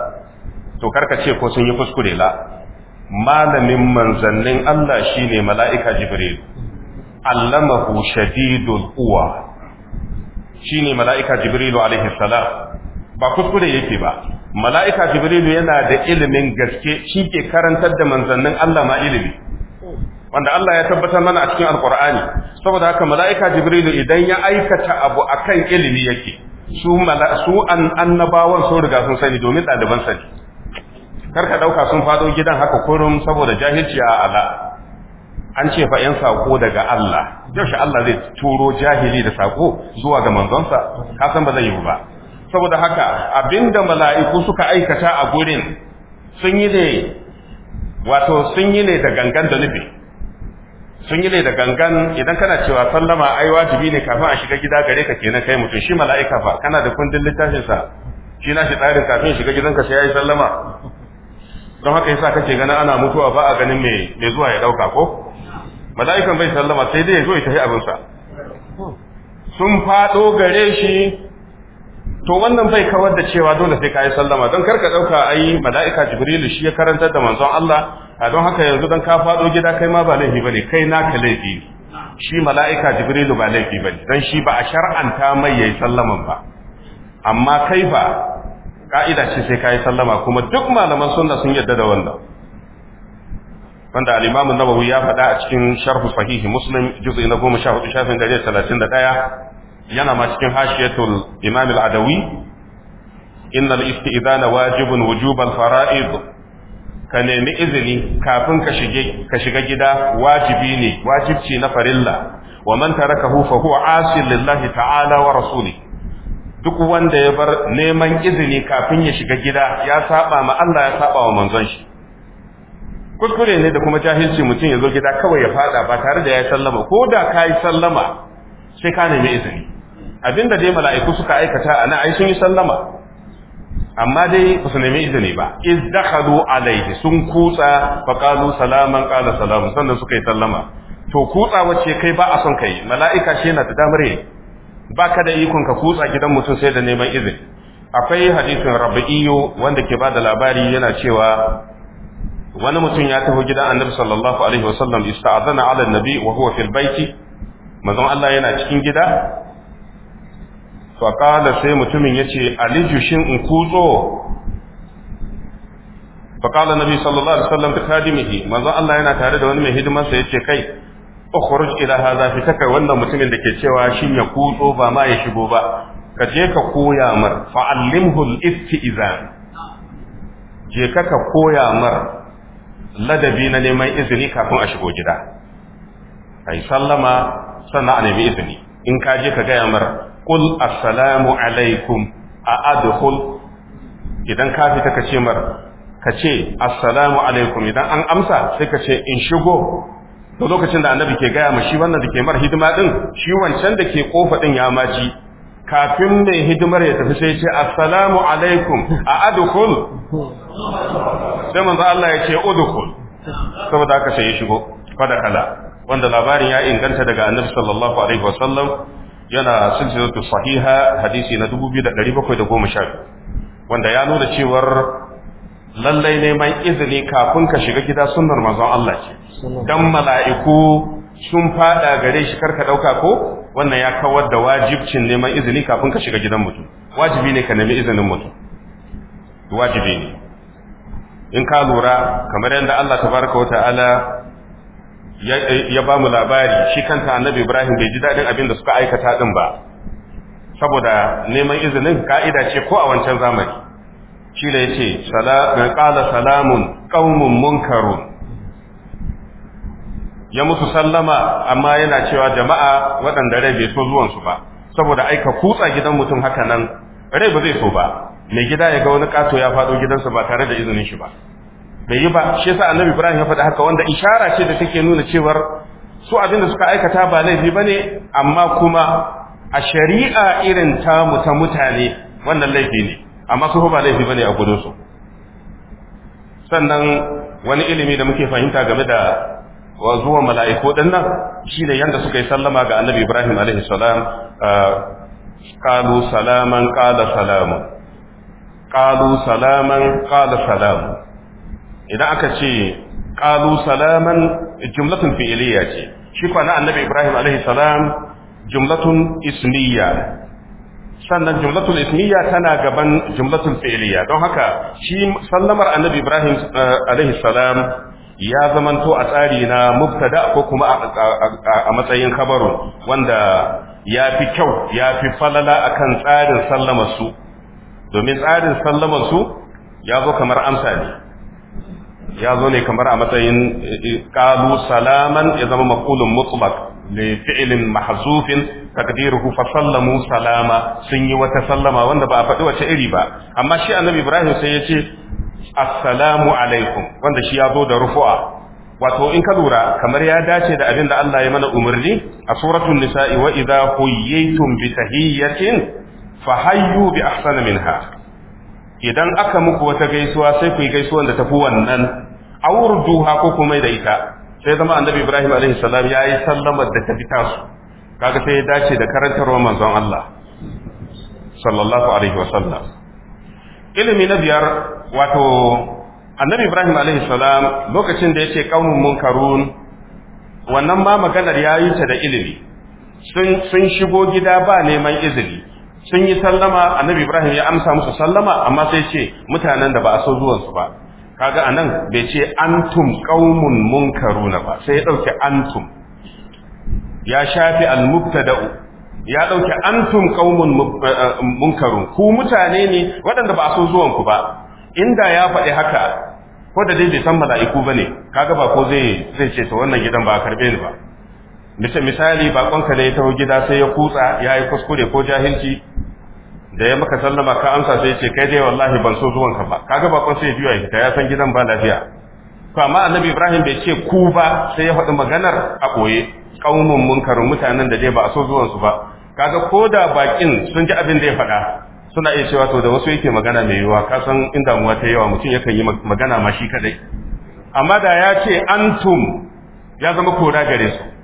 to karka ce ko sun yi kuskure la malamin manzannin allah shine mala'ika jibril allamahu shadidul quwa shine mala'ika jibril alaihi salam ba kuskure yake ba mala'ika jibril yana da ilimin gaske shi ke karantar da manzannin allah ma ilimi wanda Allah ya tabbatar mana a cikin alkur'ani saboda haka mala'ika jibrilu idan ya aikata abu akan ilimi yake su su an annabawan sun riga sun sani domin ɗaliban sani kar ka ɗauka sun fado gidan haka kurum saboda jahilci a ala an ce fa 'yan sako daga Allah yaushe Allah zai turo jahili da sako zuwa ga manzonsa ka san ba zai yi ba saboda haka abinda mala'iku suka aikata a gurin sun yi ne wato sun yi ne da gangan da nufi sun yi ne da gangan idan kana cewa sallama ai wajibi ne kafin a shiga gida gare ka kenan kai mutum shi mala'ika fa kana da kundin littafin sa shi na shi tsarin kafin shiga ka sai yayi sallama don haka yasa kake ganin ana mutuwa ba a ganin me me zuwa ya dauka ko mala'ikan bai sallama sai dai ya zo ya tafi abin sa sun fado gare shi to wannan bai kawar da cewa dole sai kayi sallama don karka dauka ai mala'ika jibrilu shi ya karantar da manzon Allah a don haka yanzu dan ka fado gida kai ma ba laifi bane kai na ka laifi shi mala'ika jibrilu ba laifi bane dan shi ba a shar'anta mai yayi sallaman ba amma kai ba ka'ida ce sai yi sallama kuma duk malaman sunna sun yadda da wannan wanda al-Imam an-Nawawi ya faɗa a cikin Sharh Sahih Muslim juz'i na 14 shafin 131 yana ma cikin hashiyatul imam al-adawi innal isti'zan wajibun wujuban fara'id ka nemi izini kafin ka shige ka shiga gida wajibi ne wajibci na farilla wa man tarakahu fa huwa asil lillahi ta'ala wa rasuli duk wanda ya bar neman izini kafin ya shiga gida ya saba ma Allah ya saba wa manzon shi kuskure ne da kuma jahilci mutum ya zo gida kawai ya fada ba tare da ya sallama ko da ka sallama sai ka nemi izini Abin da dai mala'iku suka aikata a nan sun yi sallama amma dai ba su nemi izini ba iz dakhalu alayhi sun kutsa fa qalu salaman qala salamun sannan suka yi sallama to kutsa wacce kai ba a son kai mala'ika shi yana da damar yi baka da ikon ka kutsa gidan mutum sai da neman izini akwai hadisin rabbi'iyu wanda ke bada labari yana cewa wani mutum ya taho gidan annabi sallallahu alaihi wasallam ista'azana ala nabi wa huwa fil baiti manzon Allah yana cikin gida faƙala sai mutumin ya ce shi in kutso faƙala biyu sallallahu alaihi wasallam ta kadimihi manzo Allah yana tare da wani mai hidimarsa ya ce kai ukhruj ila hadha fi wannan mutumin da ke cewa shin ya kutso ba ma ya shigo ba ka je ka koya mar fa'allimhu al-istizan je ka ka koya mar ladabi na neman izini kafin a shigo gida ai sallama sannan a nemi izini in ka je ka gaya mar Kul assalamu alaikum a adkhul idan ka fita ka ce mar ka ce assalamu alaikum idan an amsa sai ka ce in shigo to lokacin da annabi ke gaya ma shi wannan da ke mar hidima din shi wancan da ke kofa din ya maji kafin mai hidimar ya tafi sai ce assalamu alaikum a adkhul sai manzo Allah ya ce udkhul saboda haka sai ya shigo fada kala wanda labarin ya inganta daga annabi sallallahu alaihi wasallam yana silsilatu sahiha hadisi na da 2712 wanda ya nuna cewar lallai neman izini kafin ka shiga gida sunnar manzon Allah ce dan mala'iku sun fada gare shi karka ɗauka ko wannan ya kawar da wajibcin neman izini kafin ka shiga gidan mutum wajibi ne ka nemi izinin mutum wajibi ne in ka lura kamar yadda Allah tabaraka wa ta'ala ya ba mu labari shi kanta annabi ibrahim bai ji daɗin abin da suka aikata ɗin ba saboda neman izinin ka'ida ce ko a wancan zamani shi da ya ce ƙala salamun ƙaunin munkarun ya musu sallama amma yana cewa jama'a waɗanda rai bai so zuwansu ba saboda aika kutsa gidan mutum haka nan rai ba zai so ba mai gida ya ga wani ƙato ya faɗo gidansa ba tare da izinin shi ba bai yi ba shi yasa annabi ibrahim ya faɗi haka wanda ishara ce da take nuna cewar su abin da suka aikata ba laifi bane amma kuma a shari'a irin tamu ta mutane wannan laifi ne amma su ba laifi bane a gudun su sannan wani ilimi da muke fahimta game da zuwan mala'iku din nan shine yanda suka yi sallama ga annabi ibrahim alaihi salam qalu ah, salaman qala salamu qalu salaman qala salamun idan aka ce ƙalu salaman jumlatun fi'liya ce shi na annabi ibrahim alaihi salam jumlatun ismiya sannan jumlatun ismiya tana gaban jumlatun fi'liya don haka shi sallamar annabi ibrahim eh, alaihi salam ya zamanto a tsari na mubtada ko kuma a matsayin khabarun wanda ya fi kyau ya fi falala akan tsarin sallamar su domin tsarin sallamar su ya zo kamar amsa ne ya zo ne kamar a matsayin eh, eh, qalu salaman ya zama maqulun mutlaq li fi'ilin mahzufin takdiruhu. fa sallamu salama sun yi wata sallama wanda ba a faɗi wace iri ba amma shi annabi ibrahim sai ya ce assalamu alaikum wanda shi ya zo da rufu'a wato in ka lura kamar ya dace da abin da Allah ya mana umarni a suratul nisa'i wa idza huyyitum bi tahiyyatin fa hayyu bi ahsani minha idan aka muku wata gaisuwa sai ku yi gaisuwan da tafi wannan awurduha ko kuma da ita sai zama annabi Ibrahim alaihi salam ya yi sallamar da ta fita tasu kaga sai ya dace da karantarwa manzon Allah sallallahu alaihi wasallam ilimi na biyar wato annabi Ibrahim alaihi salam lokacin da yace qaumun munkarun wannan ma maganar yi ta da ilimi sun sun shigo gida ba neman izini sun yi sallama annabi ibrahim ya amsa musu sallama amma sai ce mutanen da ba a so zuwansu ba kaga anan bai ce antum qaumun munkaruna ba sai ya dauke antum ya shafi al-mubtada'u ya dauke antum qaumun eh, eh, munkarun ku mutane ne waɗanda ba a so zuwanku ba inda ya faɗi haka ko da dai bai san mala'iku bane kaga ba ko zai zai ce to wannan gidan ba a karbe ni ba Misa misali bakonka da ya taho gida sai ya kutsa ya yi kuskure ko jahilci da ya maka sallama ka amsa sai ce kai dai wallahi ban so zuwanka ba kaga bakon sai ya juya ya ya san gidan ba lafiya to amma annabi ibrahim bai ce ku ba sai ya faɗi maganar a ɓoye kaumun munkarin mutanen da dai ba a so zuwansu ba kaga ko da baƙin sun ji abin da ya faɗa suna iya cewa to da wasu yake magana mai yiwuwa ka san in damuwa ta yawa mutum yakan yi magana ma shi kadai amma da ya ce antum ya zama kora gare su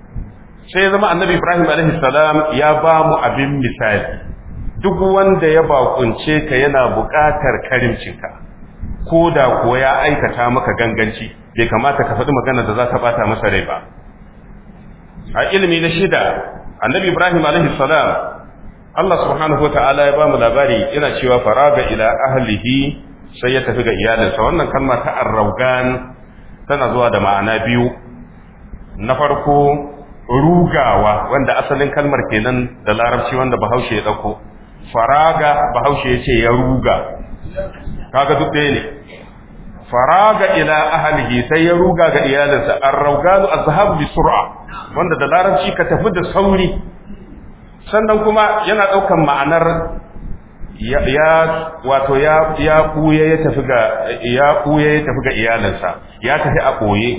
sai zama annabi ibrahim alaihi salam ya ba mu abin misali duk wanda ya bakunce ka yana buƙatar karimcinka ko da kuwa ya aikata maka ganganci bai kamata ka faɗi magana da za ta bata masa rai ba a ilimi na shida annabi ibrahim alaihi salam Allah subhanahu wata'ala ya ba mu labari yana cewa faraga ila ahlihi sai ya tafi ga iyalinsa wannan kalma ta arraugan tana zuwa da ma'ana biyu na farko rugawa wanda asalin kalmar kenan da larabci wanda bahaushe ya dauko faraga bahaushe ya ce ya ruga kaga duk ne faraga ila ahlihi sai ya ruga ga iyalinsa ar-rawganu azhab bi sur'a wanda da larabci ka tafi da sauri sannan kuma yana daukan ma'anar ya wato ya ya kuye ya tafi ga ya kuye ya tafi ga iyalinsa ya tafi a koye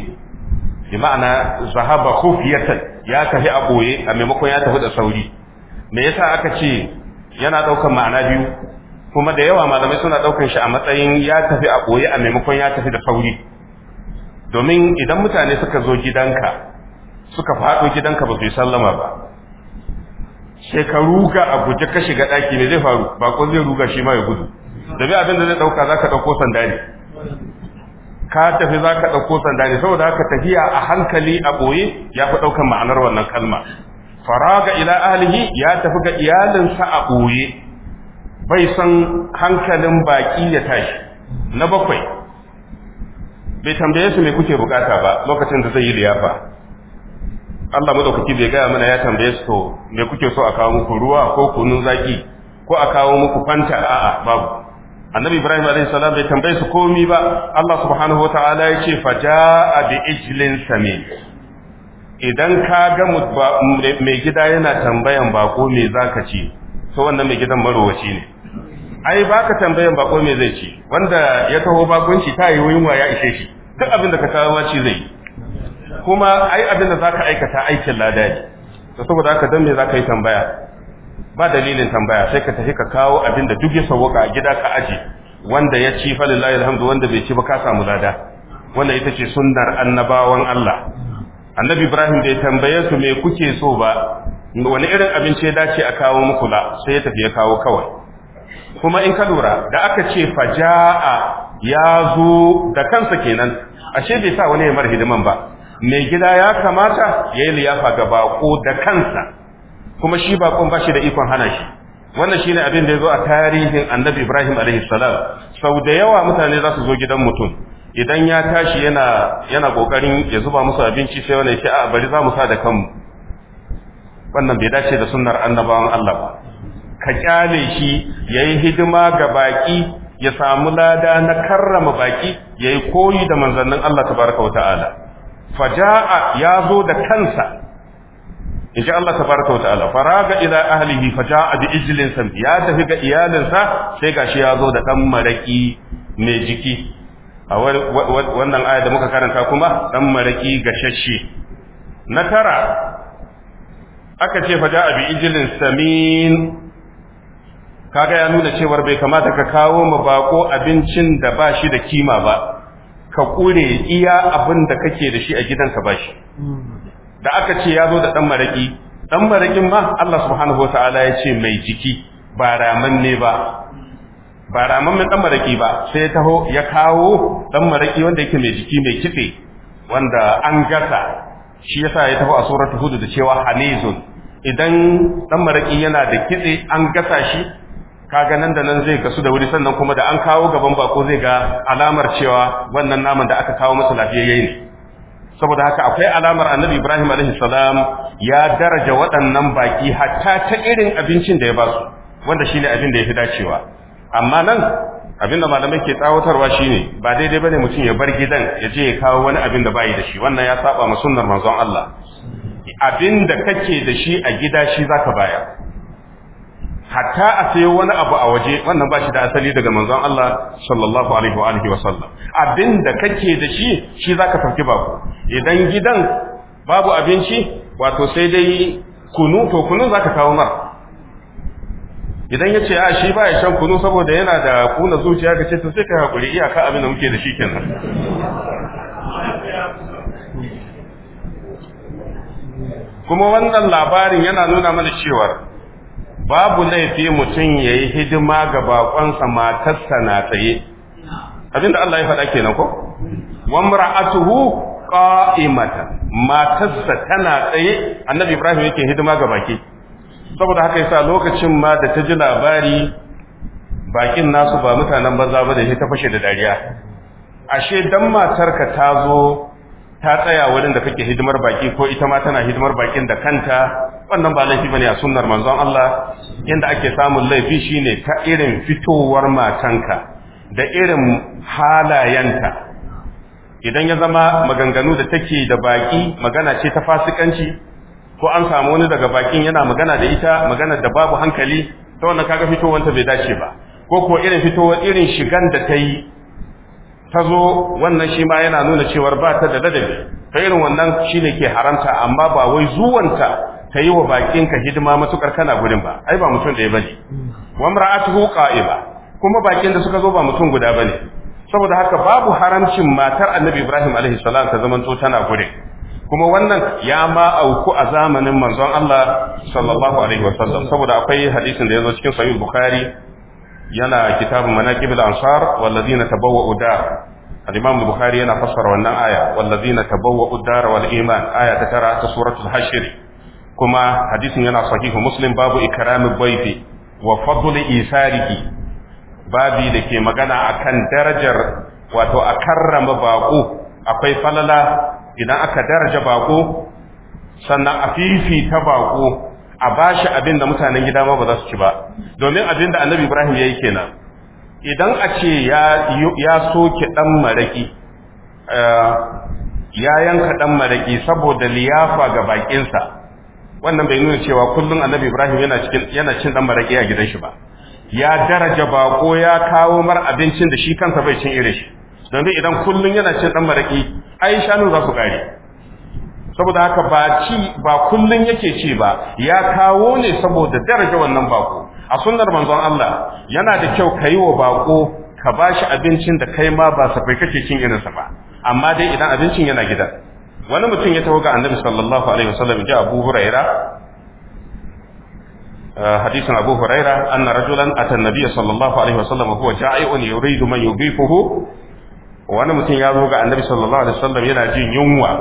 bi ma'ana zahaba khufiyatan ya tafi a boye a maimakon ya tafi da sauri me yasa aka ce yana daukan ma'ana biyu kuma da yawa malamai suna daukan shi a matsayin ya tafi a boye a maimakon ya tafi da sauri domin idan mutane suka zo gidanka suka faɗo gidanka ba su yi sallama ba Shekaru ka ruga a guje ka shiga ɗaki ne zai faru bakon zai ruga shi ma ya gudu da bi abin da zai ɗauka za ka ɗauko sanda ne ka tafi za ka ɗauko sanda ne saboda haka tafiya a hankali a ɓoye ya fi ɗaukan ma'anar wannan kalma faraga ila ahlihi ya tafi ga iyalinsa a ɓoye bai san hankalin baƙi ya tashi na bakwai bai tambaye su me kuke bukata ba lokacin da zai yi liyafa Allah madaukaki bai gaya mana ya tambaye su to me kuke so a kawo muku ruwa ko kunun zaki ko a kawo muku fanta a'a babu annabi ibrahim alaihi salam bai tambaye su komi ba Allah subhanahu wataala ya ce faja'a bi ijlin samin idan ka ga mai gida yana tambayan bako me zaka ci to wannan mai gidan marowaci ne ai baka tambayan bako me zai ci wanda ya taho bakunci ta yi yunwa ya ishe shi duk abin da ka kawo ci zai kuma ai abin da zaka aikata aikin lada ne saboda haka dan me zaka yi tambaya ba dalilin tambaya sai ka tafi ka kawo abin da duk ya sauka a gida ka aje wanda ya ci lillahi alhamdu wanda bai ci ba ka samu lada wanda ita ce sunnar annabawan Allah annabi Ibrahim bai tambaye su me kuke so ba wani irin abinci ya dace a kawo muku la sai ya tafi ya kawo kawai kuma in ka lura da aka ce faja'a ya zo da kansa kenan ashe bai sa wani ya mar hidiman ba mai gida ya kamata ya yi liyafa ga bako da kansa kuma shi baƙon ba shi da ikon hana shi wannan shine abin da ya zo a tarihin annabi ibrahim alaihi salam sau da yawa mutane za su zo gidan mutum idan ya tashi yana yana kokarin ya zuba musu abinci sai wani ya ce a bari za mu sa da kanmu wannan bai dace da sunnar annabawan Allah ba ka kyale shi yayi hidima ga baƙi, ya samu lada na karrama baki yayi koyi da manzannin Allah tabaraka wa ta'ala faja'a ya zo da kansa in ji Allah tabaraka wata'ala faraga ila ahlihi faja'a bi ijlin ya tafi ga iyalinsa sai gashi ya zo da dan maraki mai jiki a wannan aya da muka karanta kuma dan maraki gashashe na tara aka ce faja'a bi ijlin samin kaga ya nuna cewar bai kamata ka kawo ma bako abincin da ba shi da kima ba ka kure iya abinda kake da shi a gidanka ba shi da aka ce ya zo da ɗan maraƙi ɗan maraƙin ma Allah subhanahu wa ta'ala ya ce mai jiki ba ne ba ba mai ɗan maraƙi ba sai taho ya kawo ɗan maraƙi wanda yake mai jiki mai kitse wanda an gasa shi yasa ya taho a suratul hud da cewa hanizun idan ɗan maraƙi yana da kitse an gasa shi kaga nan da nan zai gasu da wuri sannan kuma da an kawo gaban ba ko zai ga alamar cewa wannan naman da aka kawo masa lafiyayye ne saboda haka akwai alamar annabi ibrahim alaihi salam ya daraja waɗannan baki hatta ta irin abincin da ya ba su wanda shine abin da ya fi dacewa amma nan abin da malamai ke tsawatarwa shine ba daidai bane mutum ya bar gidan ya je ya kawo wani abin da bayi da shi wannan ya saba ma sunnar manzon Allah abin da kake da shi a gida shi zaka bayar hatta a sayo wani abu a waje wannan ba shi da asali daga manzon Allah sallallahu alaihi wa alihi wa sallam abin da kake da shi shi zaka sauki ku. idan gidan babu abinci wato sai dai kunu to kunu zaka kawo mar idan ya a shi ba ya shan kunu saboda yana da kuna zuciya ga ce to sai ka hakuri iyaka abin da muke da shi kenan kuma wannan labarin yana nuna mana cewa babu laifi mutum ya yi hidima ga bakonsa matarsa na tsaye abinda Allah ya faɗa kenan ko wamra'atuhu qa'imatan matarsa tana tsaye annabi Ibrahim yake hidima ga baki saboda haka yasa lokacin ma da ta ji labari bakin nasu ba mutanen banza ba da shi ta fashe da dariya ashe dan matarka ta zo ta tsaya wurin da kake hidimar baki ko ita ma tana hidimar bakin da kanta wannan ba laifi bane a sunnar manzon Allah yanda ake samun laifi shine ta irin fitowar matanka da irin halayenta idan ya zama maganganu da take da baki magana ce ta fasikanci ko an samu wani daga bakin yana magana da ita magana da babu hankali ta wannan kaga fitowanta bai dace ba ko ko irin fitowar irin shigan da ta yi ta zo wannan shi ma yana nuna cewar ba ta da ladabi ta irin wannan shine ke haramta amma ba wai zuwanta ka yi wa bakinka hidima matukar kana gurin ba ai ba mutum da ya bane a tuhu ƙa'iba kuma bakin da suka zo ba mutum guda bane saboda haka babu haramcin matar annabi ibrahim a.s. ta zamanto tana gurin kuma wannan ya ma auku a zamanin manzon Allah sallallahu alaihi wasallam saboda akwai hadisin da ya zo cikin sahih bukhari yana kitabun manaqib al-ansar walladhina tabawwa'u dar al-imam bukhari yana fassara wannan aya walladhina tabawwa'u dar wal iman aya ta tara ta suratul hashr kuma hadisin yana sahihu muslim babu ikramin baiti wa fadl isariki babi da ke magana akan darajar wato a karrama bako akwai falala idan aka daraja bako sannan a fifita bako a bashi abin da mutanen gida ma ba za su ci ba domin abinda annabi ibrahim ya yi kenan idan a ce ya soke dan maraki eh, ya yanka dan maraki saboda liyafa ga bakinsa wannan bai nuna cewa kullum annabi ibrahim yana cikin yana cin dan baraki a gidan shi ba ya daraja bako ya kawo mar abincin da shi kansa bai cin irin shi don idan kullum yana cin dan baraki ai shanu za su kare saboda haka ba ci ba kullun yake ci ba ya kawo ne saboda daraja wannan bako a sunnar manzon Allah yana da kyau kai wa bako ka bashi abincin da kai ma ba safai kake cin irinsa ba amma dai idan abincin yana gidan wani mutum ya taho ga annabi sallallahu alaihi wasallam ji abu huraira حديث أبو هريرة أن رجلا أتى النبي صلى الله عليه وسلم وهو جائع يريد من يضيفه وأنا متين يزوج النبي صلى الله عليه وسلم يناجي ينوى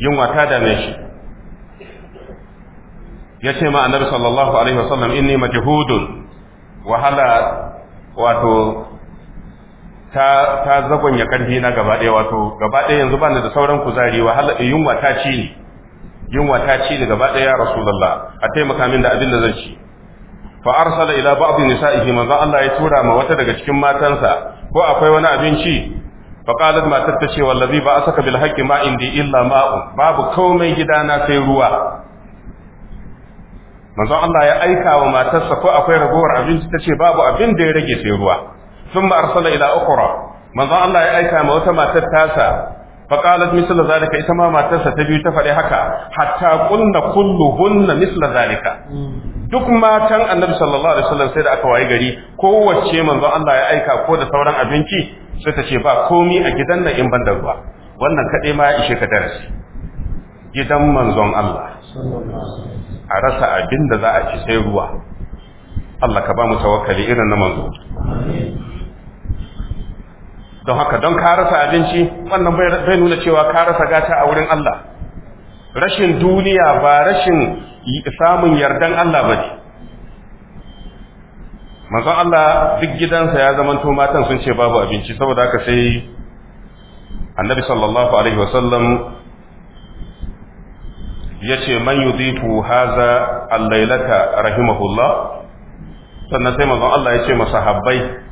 ينوى كاد ماشي يتيما النبي صلى الله عليه وسلم إني مجهود وهلا واتو ta ta ya karfi na gaba ɗaya wato gaba ɗaya yanzu bani da sauran kuzari wahala yunwa ta ci ni yunwa ta ci ni gaba ɗaya rasulullah a taimaka min da abin da zan ci fa arsala ila ba'd nisa'ihi manzo Allah ya tura ma wata daga cikin matansa ko akwai wani abinci fa qalat matar ta ce wallazi ba asaka bil haqqi ma indi illa ma'u babu komai gidana sai ruwa manzo Allah ya aika wa matarsa ko akwai ragowar abinci ta ce babu abin da ya rage sai ruwa thumma arsala ila ukhra manzon Allah ya aika ma wata matar tasa fa qalat ita ma matarsa ta biyu ta faɗi haka hatta qulna kulluhunna misla duk matan annabi sallallahu alaihi wasallam sai da aka waye gari kowace manzon Allah ya aika ko da sauran abinci sai ta ce ba komi a gidan nan in ban da ruwa wannan kaɗai ma ya ishe ka darasi gidan manzon Allah a rasa abin da za a ci sai ruwa Allah ka ba mu tawakkali irin na manzo don haka don ka rasa abinci wannan bai nuna cewa ka rasa gata a wurin Allah rashin duniya ba rashin samun yardan Allah ba ne mazan Allah duk gidansa ya zama matan sun ce babu abinci saboda haka sai annabi sallallahu alaihi wasallam ya ce man yudhifu haza al rahimahullah sannan sai mazan Allah ya ce masahabbai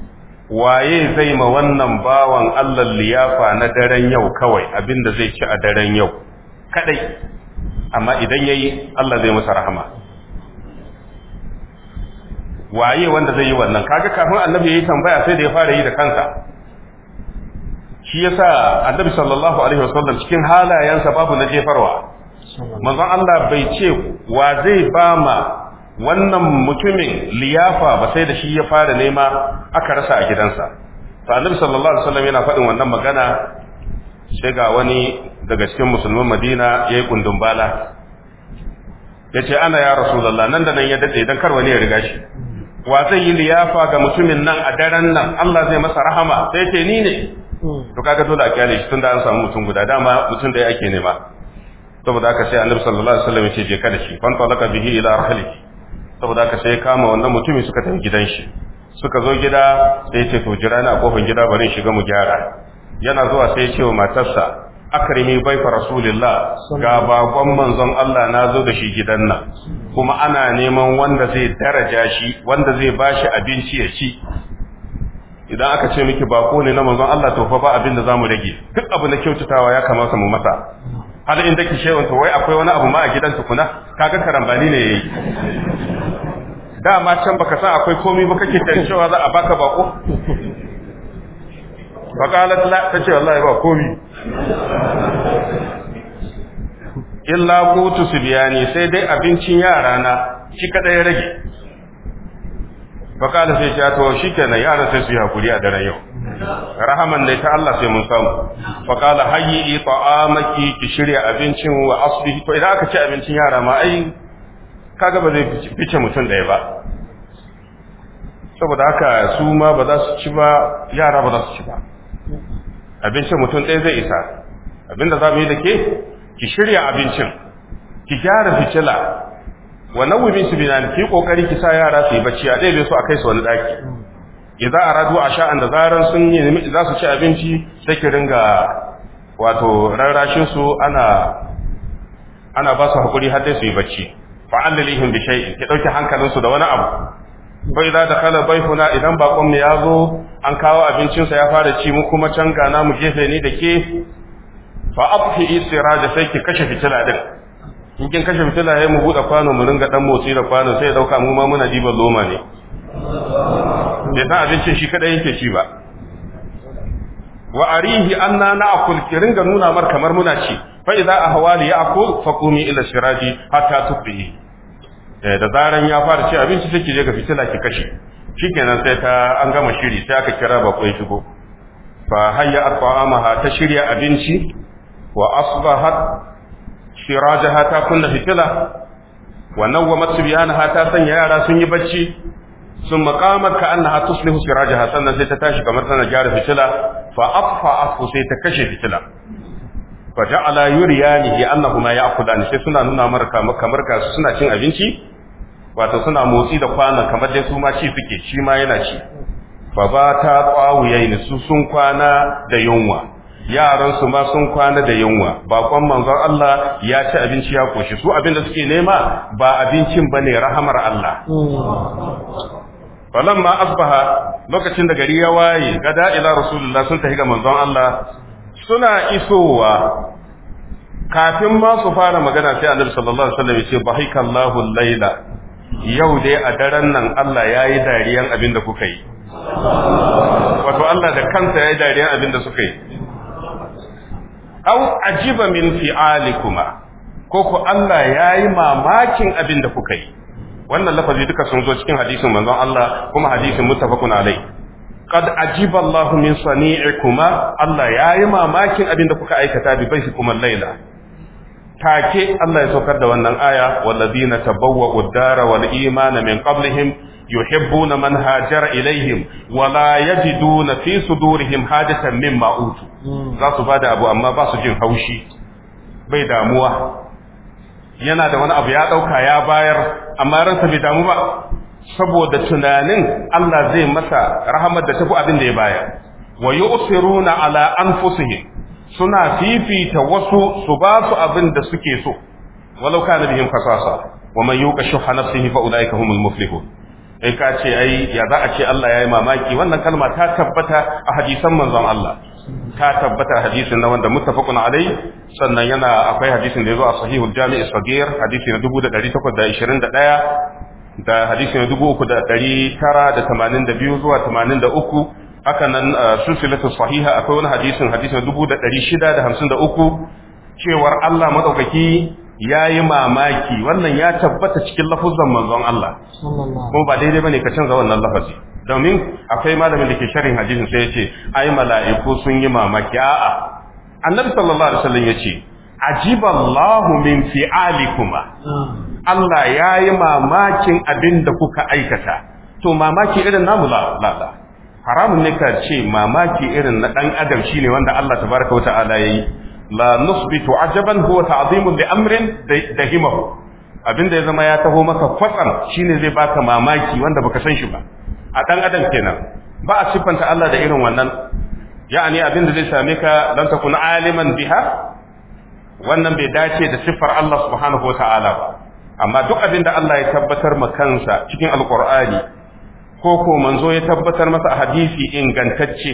waye zai ma wannan bawan Allah liyafa na daren yau kawai abinda zai ci a daren yau kadai amma idan yayi Allah zai masa rahama waye wanda zai yi wannan kaga kafin annabi yayi tambaya sai da ya fara yi da kansa shi yasa annabi sallallahu alaihi wasallam cikin halayensa babu na jefarwa manzon Allah bai ce wa zai ba ma wannan mutumin liyafa ba sai da shi ya fara nema aka rasa a gidansa fa annabi sallallahu alaihi wasallam yana faɗin wannan magana sai ga wani daga cikin musulman Madina yayi kundun bala yace ana ya rasulullah nan da nan ya dade dan kar wani ya riga shi wa zai yi liyafa ga mutumin nan a daren nan Allah zai masa rahama sai ce ni ne hmm. to kaga dole a kyale shi tunda an samu mutum guda dama mutum da ake nema saboda haka sai annabi sallallahu alaihi wasallam ya ce je kada shi fan talaka bihi ila rahlihi saboda ka sai kama wannan mutumin suka tafi gidan shi suka zo gida sai ce to jira na kofin gida bari shiga mu gyara yana zuwa sai ce wa matarsa akrimi bai fa rasulillah ga bagon manzon Allah na zo da shi gidan nan kuma ana neman wanda zai daraja shi wanda zai bashi abinci ya ci idan aka ce miki bako ne na manzon Allah to fa ba abin da zamu rage duk abu na kyautatawa ya kamata mu masa hal in dake shewanta wai akwai wani abu ma a gidan tukuna kaga karambani ne yayi dama can baka san akwai komai ba kake cewa za a baka bako faqalat la ce wallahi ba komai illa qutu sibyani sai dai abincin yara na shi kada ya rage faqala sai ta to shikenan yara sai su hakuri a daren yau rahaman da ta Allah sai mun samu faqala hayyi ta'amaki ki shirya abincin wa asbihi to idan aka ci abincin yara ma ai kaga ba zai fice mutum ɗaya ba saboda haka su ma ba za su ci ba yara ba za su ci ba abincin mutum ɗaya zai isa abinda za mu yi da ke ki shirya abincin ki gyara fitila wannan wubin su binan ki kokari ki sa yara su yi bacci a ɗaya su a kai su wani ɗaki idan radu a sha'an da zaran sun yi za su ci abinci sai ki ringa wato rarrashin su ana ana ba su hakuri har dai su yi bacci fa'allilihim bi shay'in ki dauki hankalinsu da wani abu bai za da kala bai huna idan bakon mu ya zo an kawo abincinsa ya fara ci mu kuma can gana mu gefe ni da ke fa abki istira da sai ki kashe fitila din in kin kashe fitila yayin mu buɗe kwano mu ringa dan motsi da kwano sai ya dauka mu ma muna diba zoma ne bai san abincin shi kadai yake ci ba wa arihi anna na'kul ki ringa nuna mar kamar muna ci fa idza ahwali ya'kul fa qumi ila siraji hatta tubihi Eh, da zaran ya fara ce abinci sai ki je ga fitila ki kashe shikenan sai ta an gama shiri sai aka kira bakwai shigo fa hayya at'amaha ta shirya abinci wa asbahat shirajaha ta kunna fitila wa nawwamat subyanaha ta sanya yara sun yi bacci sun maqamat ka annaha tuslihu shirajaha sannan sai ta tashi kamar tana gyara fitila fa afa afu sai ta kashe fitila fa ja'ala yuriyanihi annahuma ya'kulani sai suna nuna mara kamar kamar suna cin abinci wato suna motsi da kwana kamar dai su ma ci suke shi ma yana ci fa ba ta tsawuyaini su sun kwana da yunwa yaran su ma sun kwana da yunwa bakon manzon Allah ya ci abinci ya koshi su abin da suke nema ba abincin bane rahamar Allah ma asbaha lokacin da gari ya waye gada ila rasulullah sun tafi ga manzon Allah suna isowa kafin ma su fara magana sai annabi sallallahu alaihi wasallam ya ce bahikallahu laila yau dai a daren nan Allah ya yi dariyan abin da kuka yi wato Allah da kansa ya yi dariyan abin da suka yi au ajiba min fi'alikuma ko ku Allah ya yi mamakin abin da kuka yi wannan lafazi duka sun zo cikin hadisin manzon Allah kuma hadisin muttafaqun alai qad ajiba Allahu min sani'ikuma Allah ya yi mamakin abin da kuka aikata bi baiti kuma laila take Allah ya saukar da wannan aya wallazina tabawwa'u ad-dara wal imana min qablihim yuhibbuna man hajara ilaihim wa la yajiduna fi sudurihim hajatan mimma utu hmm. za su bada abu amma ba su jin haushi bai damuwa yana da wani abu ya dauka ya bayar amma ransa bai damu ba saboda tunanin Allah zai masa rahamar da tafi abin da ya baya wa yusiruna ala anfusihim suna fifita wasu su ba su abin da suke so walau kana bihim khasasa wa man yuqa shuhha nafsihi fa ulaika humul muflihun ai ka ce ai ya za a ce Allah yayi mamaki wannan kalma ta tabbata a hadisan manzon Allah ta tabbata hadisin na wanda muttafaqun alai sannan yana akwai hadisin da yazo a sahihul jami' as-saghir hadisi na 1821 da hadisi na 3982 zuwa 83 haka nan uh, silsilatu sahiha akwai wani hadisin hadisin uku cewar Allah ya yayi mamaki wannan ya tabbata cikin lafuzan manzon Allah kuma ba daidai bane ka canza wannan lafazi domin akwai malamin da ke sharhin hadisin sai yace ai mala'iku sun yi mamaki a'a annabi sallallahu alaihi wasallam yace ajiballahu min fi'alikuma Allah yayi mamakin abin da kuka aikata to mamaki irin namu la la haramun ne ka ce mamaki irin na dan adam shine wanda Allah tabaraka wa ta'ala yayi la nusbitu ajaban huwa ta'zimun li amrin dahimahu abinda ya zama ya taho maka kwatsam shine zai baka mamaki wanda baka san shi ba a dan adam kenan ba a siffanta Allah da irin wannan ya'ani abinda zai same ka dan takun aliman biha wannan bai dace da siffar Allah subhanahu wa ta'ala ba amma duk abinda Allah ya tabbatar ma kansa cikin alqur'ani ko ko manzo ya tabbatar masa a hadisi ingantacce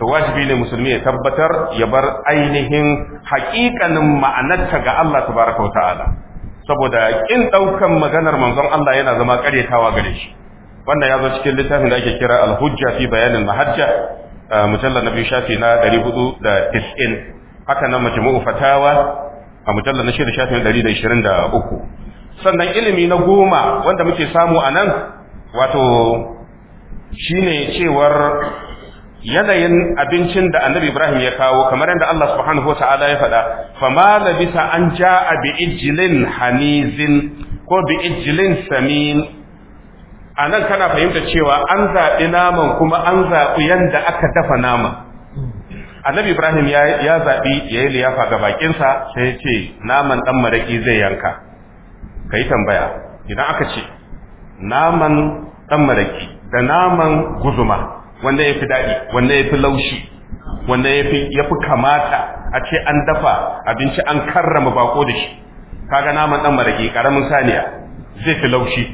to wajibi ne musulmi ya tabbatar ya bar ainihin haƙiƙanin ma'anarta ga Allah tabaraka wa ta'ala saboda kin ɗaukan maganar manzon Allah yana zama kawa gare shi wannan ya zo cikin littafin da ake kira al-hujja fi bayanin mahajja na biyu shafi na 490 haka nan majmu'u fatawa a mujallar na shida na ɗari da ishirin da uku sannan ilimi na goma wanda muke samu a nan wato shine cewar yanayin abincin da annabi Ibrahim ya kawo kamar yadda Allah subhanahu wa ta'ala ya faɗa fama bisa an ja'a bi ijlin hanizin ko bi ijlin samin a nan kana fahimta cewa an zaɓi naman kuma an zaɓi yadda aka dafa naman annabi Ibrahim ya zaɓi ya yi liyafa ga bakinsa sai ya ce naman ɗan maraƙi zai yanka ka yi tambaya idan aka ce naman ɗan maraƙi da naman guzuma wanda ya fi daɗi wanda ya fi laushi wanda ya fi kamata a ce an dafa abinci an karrama bako da shi kaga naman ɗan marage ƙaramin saniya zai fi laushi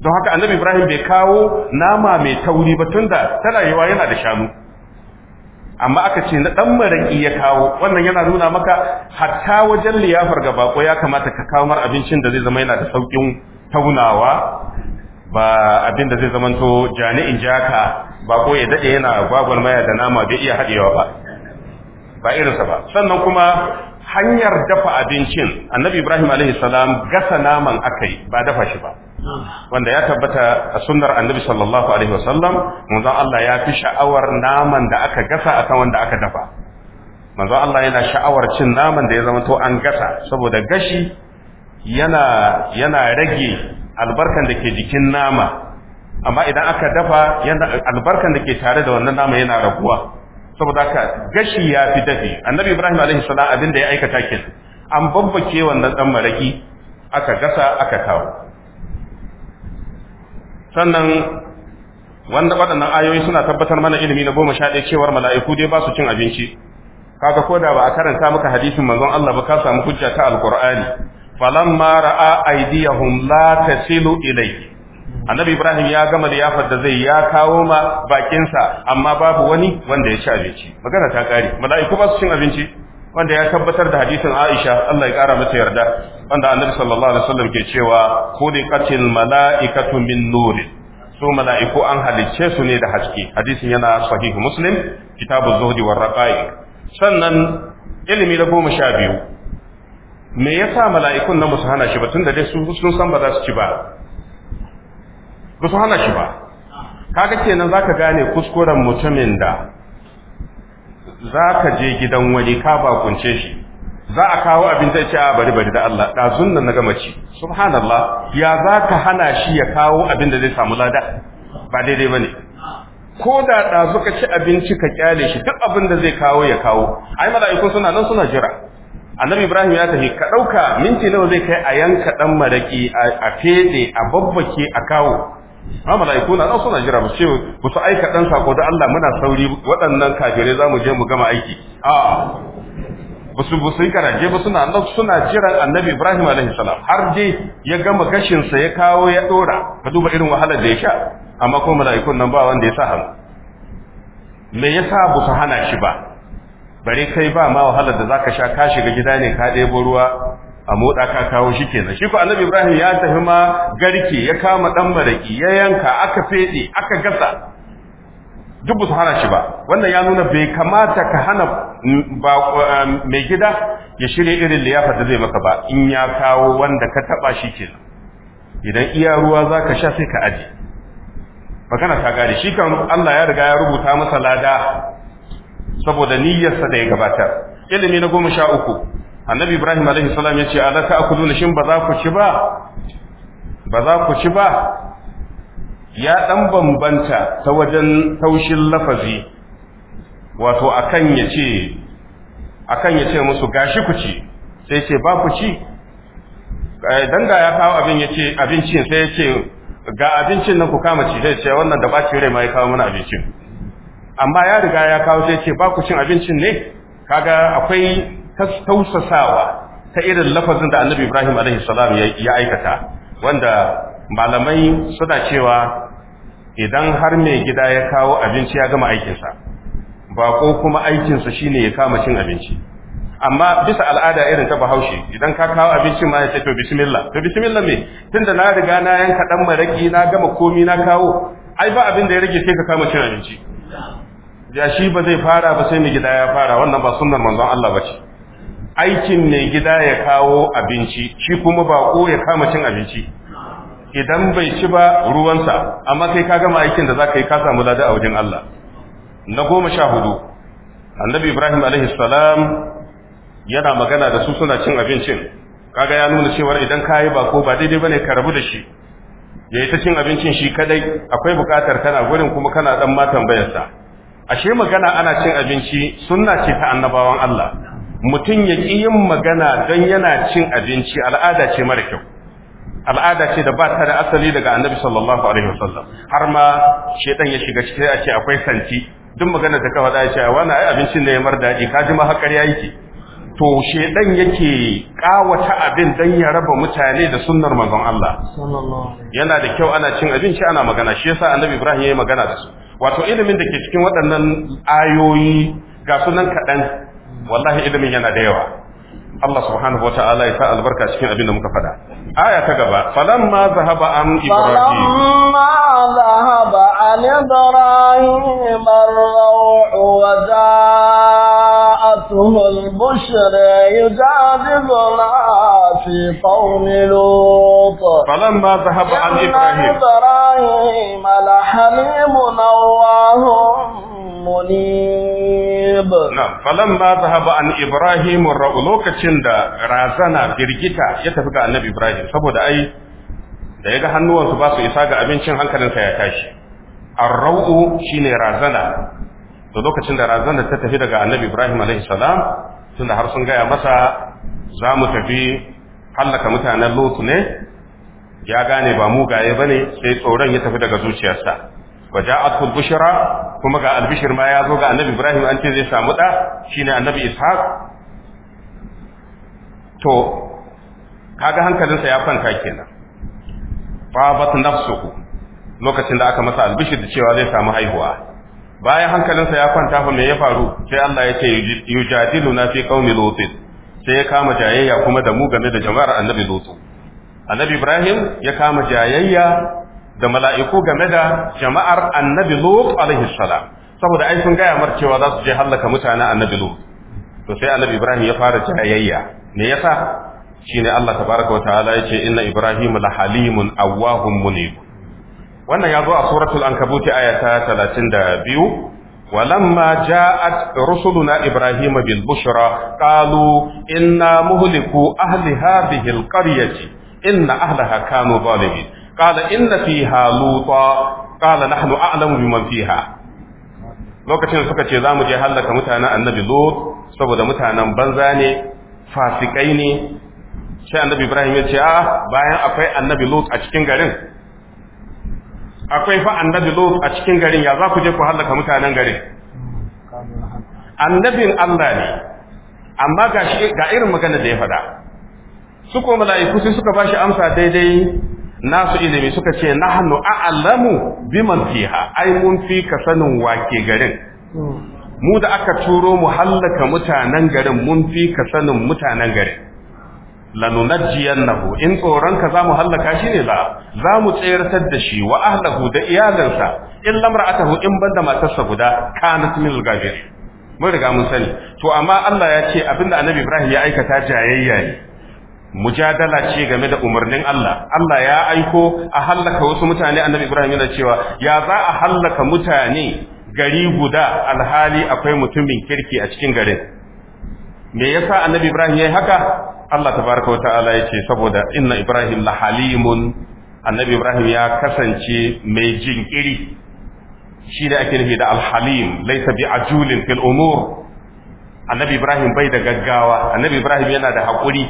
don haka annabi ibrahim bai kawo nama mai tauri ba tunda tana yawa yana da shanu amma aka ce na ɗan maraki ya kawo wannan yana nuna maka hatta wajen liyafar ga bako ya kamata ka kawo mar abincin da zai zama yana da saukin taunawa ba abin da zai zamanto jani'in jaka ba ko ya dade yana gwagwarmaya da nama bai iya haɗewa ba ba irinsa ba sannan kuma hanyar dafa abincin annabi ibrahim alaihi salam gasa naman yi ba dafa shi ba wanda ya tabbata a sunnar annabi sallallahu alaihi wasallam manzon Allah ya fi sha'awar naman da aka gasa akan wanda aka dafa manzon Allah yana sha'awar cin naman da ya zama to an gasa saboda gashi yana yana rage albarkan da ke jikin nama amma idan aka dafa yana albarkan da ke tare da wannan nama yana raguwa saboda ka gashi ya fi dafi annabi ibrahim alaihi salam abin da ya aikata kenan an babbake wannan dan maraki aka gasa aka kawo sannan wanda waɗannan ayoyi suna tabbatar mana ilimi na goma sha ɗaya cewar mala'iku dai ba su cin abinci kaga ko da ba a karanta maka hadisin manzon Allah ba ka samu hujja ta alqur'ani falamma ra'a aydiyahum la tasilu ilayhi annabi ibrahim ya gama liyafar da zai ya kawo ma bakinsa amma babu wani wanda ya ci abinci magana ta kare mala'iku ba su cin abinci wanda ya tabbatar da hadisin aisha Allah ya kara mata yarda wanda annabi sallallahu alaihi wasallam ke cewa khuliqatil mala'ikatu min nur su mala'iku an halicce su ne da haske hadisin yana sahih muslim kitabu zuhdi war raqa'i sannan ilimi da goma sha biyu me yasa mala'ikun nan musu hana shi ba tunda dai su sun san ba za su ci ba ba su hana shi ba kaga kenan zaka gane kuskuren mutumin da zaka je gidan wani ka ba kunce shi za a kawo abin da ce a bari bari da Allah da nan na gama ci subhanallah ya za ka hana shi ya kawo abin da zai samu lada ba daidai ba ne ko da ɗazu ka ci abinci ka kyale shi duk abin da zai kawo ya kawo ai mala'ikun suna nan suna jira annabi ibrahim ya tafi ka ɗauka minti nawa zai kai a yanka ɗan maraƙi a fede a babbake a kawo amma mala'iku na suna jira ba ce ku su aika ɗan sako da allah muna sauri waɗannan kafirai za mu je mu gama aiki a ba su yi karaje ba suna nan suna jiran annabi ibrahim alaihi salam har dai ya gama gashinsa ya kawo ya ɗora ka duba irin wahalar da ya sha amma ko mala'ikun nan ba wanda ya sa hannu me yasa ba su hana shi ba bare kai ba ma wahalar da zaka sha ka shiga gida ne ka ɗebo ruwa a motsa ka kawo shi kenan shi ko annabi ibrahim ya tafi ma garke ya kama dan maraki ya yanka aka fede aka gasa duk ba su hana shi ba wannan ya nuna bai kamata ka hana mm, um, mai gida ya shirya irin liyafa da zai maka ba in ya kawo wanda ka taba shi kenan idan iya ruwa za sha sai ka aje kana ta gari shi kan Allah ya riga ya rubuta masa lada saboda niyyarsa da ya gabatar ilimi na goma sha uku annabi ibrahim alaihi salam ya ce alaka akuluna shin ba za ku ci ba ba za ku ci ba ya dan bambanta ta wajen taushin lafazi wato akan ya ce akan ya ce musu gashi ku ci sai ce ba ku ci eh, dan ga ya kawo abin ya ce abincin sai ya ce ga abincin nan ku kama ci sai ce wannan da bacin rai ma ya kawo mana abincin amma ya riga ya kawo sai ce ba ku cin abincin ne kaga akwai tausasawa ta irin lafazin da annabi ibrahim alaihi salam ya aikata wanda malamai suna cewa idan har mai gida ya kawo abinci ya gama aikinsa ba ko kuma aikinsa shine ya kama cin abinci amma bisa al'ada irin ta bahaushe idan ka kawo abincin ma ya ce to bismillah to bismillah me tunda na riga na yanka dan maraki na gama komi na kawo ai ba abin da ya rage sai ka kama cin abinci da shi ba zai fara ba sai mai gida ya fara wannan ba sunnar manzon Allah bace aikin mai gida ya kawo abinci shi kuma bako ya kama cin abinci idan bai ci ba ruwansa amma kai ka gama aikin da zaka yi ka samu Ladi a wajen Allah na goma sha hudu annabi Ibrahim alaihi salam yana magana da su suna cin abincin kaga ya nuna cewa idan ka yi bako ba daidai bane ka rabu da shi yayi ta cin abincin shi kadai akwai bukatar kana gurin kuma kana dan ma tambayarsa ashe magana ana cin abinci sunna ce ta annabawan Allah mutum ya ƙi yin magana don yana cin abinci al'ada ce mara kyau al'ada ce da ba ta da asali daga annabi sallallahu alaihi wasallam har ma shedan ya shiga cikin a ce akwai santi duk magana da ka faɗa ya ce wani ai abincin da ya mar daɗi ka ji ma har yayi ki to shedan yake kawata abin dan ya raba mutane da sunnar manzon Allah yana da kyau ana cin abinci ana magana shi yasa annabi Ibrahim yayi magana da su wato ilimin da ke cikin waɗannan ayoyi ga sunan kaɗan wallahi ilimin yana da yawa Allah subhanahu wa ta'ala ya sa albarka cikin abin da muka faɗa. Aya ta gaba, falamma zahaba an Ibrahim. zahaba an Ibrahim wa جاءته البشرى يجادلنا في قوم لوط فلما ذهب عن إبراهيم إبراهيم لحليم نواه munib falamma zahaba an ibrahim lokacin da razana birgita ya tafi ga annabi ibrahim saboda ai da yaga hannuwansu ba su isa ga abincin hankalinsa ya tashi ar-ra'u shine razana da lokacin da razanar ta tafi daga annabi ibrahim alaihi salam tun da har sun gaya masa za mu tafi hallaka mutanen lutu ne ya gane ba mugaye bane sai tsoron ya tafi daga zuciyarsa wa ja'atul bushra kuma ga albishir ma ya zo ga annabi ibrahim an ce zai samu da shine annabi ishaq to kaga hankalinsa ya kwanta kenan babat nafsuhu lokacin da aka masa albishir da cewa zai samu haihuwa bayan hankalinsa ya kwanta fa me ya faru sai Allah ya ce yujadiluna fi qaumi lut sai ya kama jayayya kuma da mu game da jama'ar annabi lut annabi Ibrahim ya kama jayayya da mala'iku game da jama'ar annabi lut alaihi salam saboda ai sun gaya mar cewa za su je hallaka mutanen annabi lut to sai annabi Ibrahim ya fara jayayya me yasa shine Allah tabaraka wa ta'ala yace inna Ibrahim ibrahima lahalimun awwahum munib wannan ya zo a suratul ankabuti aya talatin da biyu walamma ja'at rusuluna Ibrahima bin bushra qalu inna muhliku ahli hadhihi al qaryati inna ahliha kanu zalimin qala inna fiha luta qala nahnu a'lamu biman fiha lokacin suka ce za mu je hallaka mutanen annabi lut saboda mutanen banza ne fasikai ne sai annabi ibrahim ya ce a ah, bayan akwai annabi lut a cikin garin akwai fa annabi lut a cikin garin ya za ku je ku halaka mutanen garin annabin Allah ne amma ga ga irin magana da ya faɗa su ko mala'iku sai suka bashi amsa daidai nasu ilimi suka ce nahnu a'lamu biman fiha ai mun fi ka sanin wake garin hmm. mu da aka turo mu hallaka mutanen garin mun fi ka sanin mutanen garin lanunajjiyannahu in tsoron za zamu hallaka shi ne la zamu tsayartar da shi wa ahlahu da iyalansa in lamra'atahu in banda matarsa guda kanat min al mun riga mun sani to amma Allah ya ce abinda Annabi Ibrahim ya aikata jayayya mujadala ce game da umarnin Allah Allah ya aiko a hallaka wasu mutane Annabi Ibrahim yana cewa ya za a hallaka mutane gari guda alhali akwai mutumin kirki a cikin garin me yasa annabi ibrahim yayi haka Allah tabaraka wata'ala yace saboda inna ibrahim la annabi ibrahim ya kasance mai jinkiri shi da ake nufi da alhalim laysa bi ajulin fil umur annabi ibrahim bai da gaggawa annabi ibrahim yana da hakuri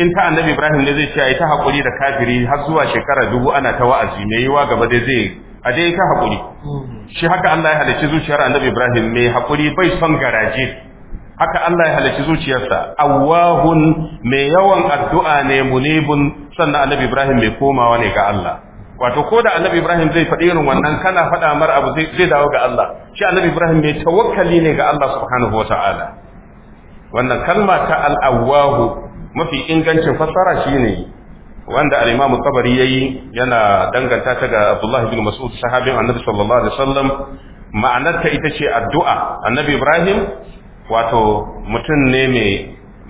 in ta annabi ibrahim ne zai ce ai ta hakuri da kafiri har zuwa shekara dubu ana ta wa'azi mai yiwa gaba dai zai a dai ta hakuri hmm. shi haka Allah ya halicci zuciyar annabi ibrahim mai hakuri bai son garaje haka Allah ya halarci zuciyarsa awwahun mai yawan addu'a ne munibun sannan annabi Ibrahim mai komawa ne ga Allah wato ko da annabi Ibrahim zai faɗi irin wannan kana faɗa abu zai dawo ga Allah shi annabi Ibrahim mai tawakkali ne ga Allah subhanahu wa ta'ala wannan kalma ta al'awwahu mafi ingancin fassara shine wanda al tabari ya yayi yana danganta ta ga Abdullahi bin Mas'ud sahabin annabi sallallahu alaihi wasallam ma'anarta ita ce addu'a annabi Ibrahim wato mutum ne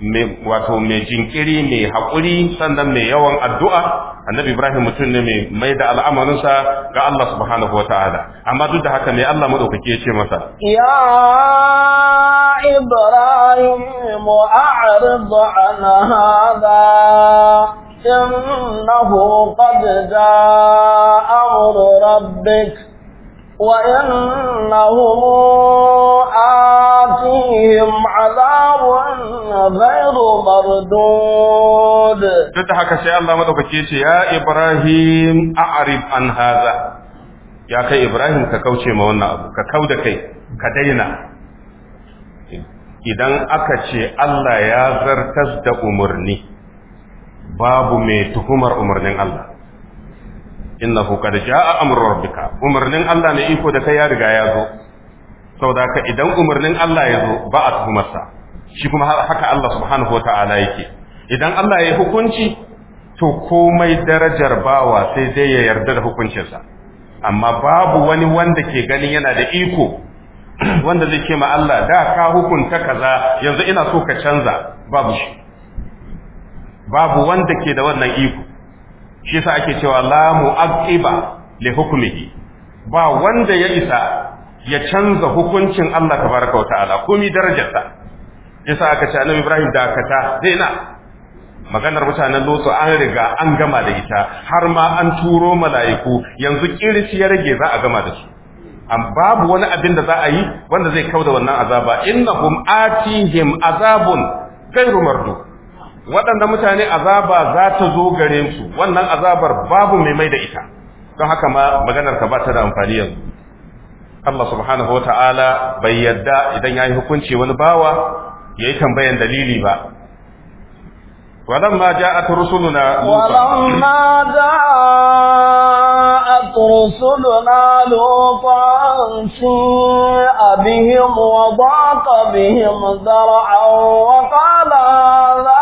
mai wato mai jinkiri mai haƙuri sannan mai yawan addu'a annabi ibrahim mutum ne mai mai da al'amarinsa ga Allah subhanahu wa ta'ala amma duk da haka mai Allah maɗaukaki ya ce masa ya ibrahim mu'arid an hada innahu qad ja'a amru rabbika وإنه آتيهم عذاب غير مردود duk da haka sai Allah يا إبراهيم ya Ibrahim هذا an كي ya kai Ibrahim ka kauce ma daina idan aka ce Allah ya zartas da umarni babu mai tuhumar umarnin Allah Inna innahu qad a amru rabbika umarnin Allah ne iko da kai ya riga ya zo saboda ka idan umarnin Allah ya zo ba a tuhumarsa shi kuma haka Allah subhanahu wata'ala yake idan Allah ya yi hukunci to komai darajar bawa sai dai ya yarda da hukuncinsa amma babu wani wanda ke ganin yana da iko wanda zai ce ma Allah da ka hukunta kaza yanzu ina so ka canza babu shi babu wanda ke da wannan iko shi yasa ake cewa la mu'aqiba li hukmihi ba wanda ya isa ya canza hukuncin Allah tabaraka wa ta'ala komi darajarsa yasa aka ce annabi Ibrahim dakata na maganar mutanen lotsu an riga an gama da ita har ma an turo mala'iku yanzu kirci ya rage za a gama da su an babu wani abin da za a yi wanda zai kauda wannan azaba innahum atihim azabun ghairu mardud waɗanda mutane azaba za ta zo gare su wannan azabar babu mai mai da ita don haka ma maganar ka ba ta da amfani yanzu Allah subhanahu wa ta'ala bai yadda idan ya yi hukunci wani bawa ya yi tambayan dalili ba ولما جاءت رسلنا لوطا ولما جاءت رسلنا لوطا بهم وضاق بهم ذرعا وقال هذا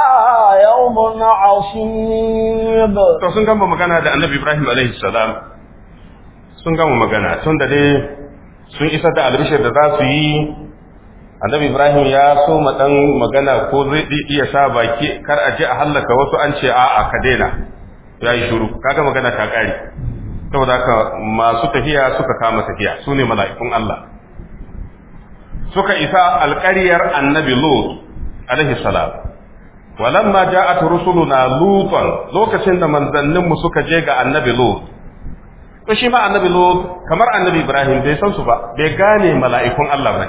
yawmun asib to sun gama magana da annabi Ibrahim alaihi salam sun gama magana tun da dai sun isa da albishir da za su yi annabi Ibrahim ya so ma magana ko zai iya sa baki kar a ji a hallaka wasu an ce a'a ka daina ya yi shuru kaga magana ta kare saboda haka masu tafiya suka kama tafiya su ne mala'ikun Allah suka isa alƙaryar annabi Lut alaihi salam walamma ja'at rusuluna lutan lokacin da manzannin mu suka je ga annabi lut to shi ma annabi lut kamar annabi ibrahim bai san su ba bai gane mala'ikun Allah ba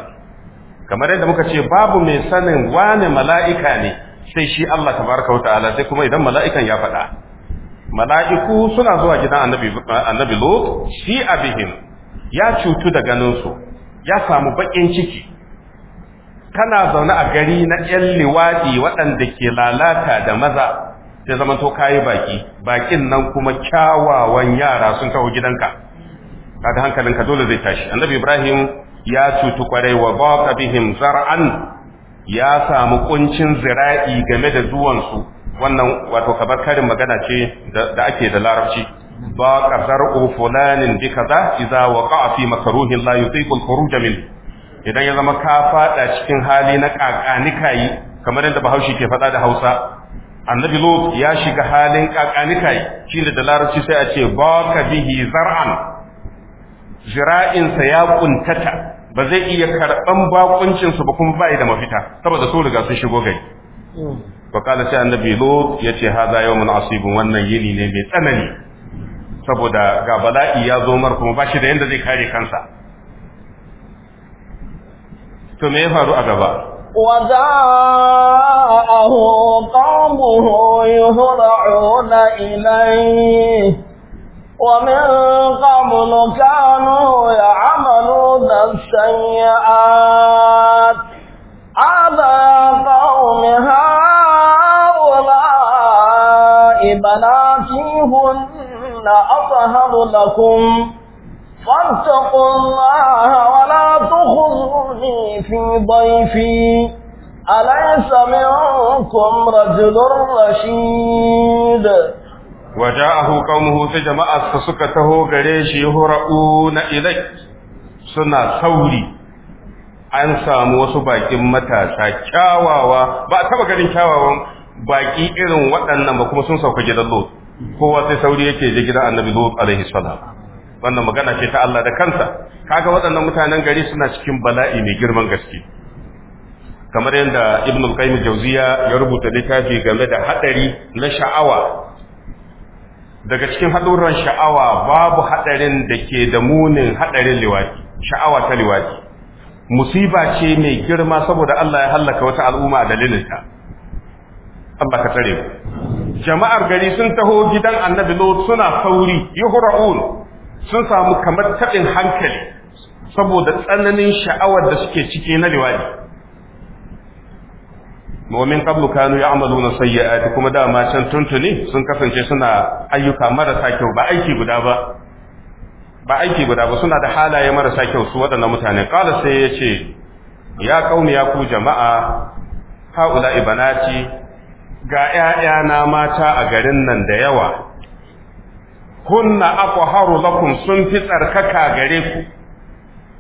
kamar yadda muka ce babu mai sanin wane mala'ika ne sai shi Allah tabaraka ta'ala sai kuma idan mala'ikan ya faɗa mala'iku suna zuwa gidan annabi annabi lut shi abihim ya cutu da ganin su ya samu bakin ciki kana zaune a gari na ƴan liwaɗi waɗanda ke lalata da maza sai zama to kayi baki bakin nan kuma kyawawan yara sun kawo gidanka kaga hankalinka dole zai tashi annabi ibrahim ya cutu kwarai wa baqa bihim zar'an ya samu kuncin zira'i game da zuwansu wannan wato kabar karin magana ce da ake da larabci baqa zar'u fulanin bi kaza idza waqa'a fi makruhin la yutiqu khuruj minhu idan ya zama ka fada cikin hali na kakanikayi kamar yadda bahaushe ke faɗa da hausa annabi lut ya shiga halin kakanikayi shi da larabci sai a ce baka bihi zar'an sa ya kuntata ba zai iya karɓan baƙuncinsa ba kuma bai da mafita saboda su riga sun shigo gari kala sai annabi Lo ya ce haza yawmun asib wannan yini ne mai tsanani saboda ga bala'i ya zo mar kuma ba shi da yanda zai kare kansa to me ya faru a gaba وجاءه قومه يهرعون إليه ومن قبل كانوا يعملون السيئات على قوم هؤلاء بناتي هن أطهر لكم واتقوا الله ولا تخزوني في ضيفي أليس منكم رجل رشيد وجاءه قومه في جماعة فسكته قريش يهرؤون إليه سنة ثوري an samu wasu bakin matasa kyawawa ba a taba ganin kyawawan baki irin waɗannan ba kuma sun sauka gidan lot kowa sai sauri yake je gidan annabi lot alaihi salam wannan magana ce ta Allah da kansa kaga waɗannan mutanen gari suna cikin bala'i mai girman gaske kamar yadda ibn al-qayyim jawziya ya rubuta littafi game da hadari na sha'awa daga cikin haduran sha'awa babu hadarin da ke da munin hadarin liwati sha'awa ta liwati musiba ce mai girma saboda Allah ya halaka wata al'umma a ta Allah ka tare jama'ar gari sun taho gidan annabi lot suna sauri yuhra'un sun samu kamar taɓin hankali saboda tsananin sha'awar da suke ciki na liwadi mu'min qablu kanu ya'maluna a kuma dama can tuntuni sun kasance suna ayyuka marasa kyau ba aiki guda ba ba aiki guda ba suna da halaye marasa kyau su waɗannan mutane ƙala sai ya ce ya qaumi ya ku jama'a haula ibanati ga 'ya'yana mata a garin nan da yawa hunna haru lakum sun fi tsarkaka gare ku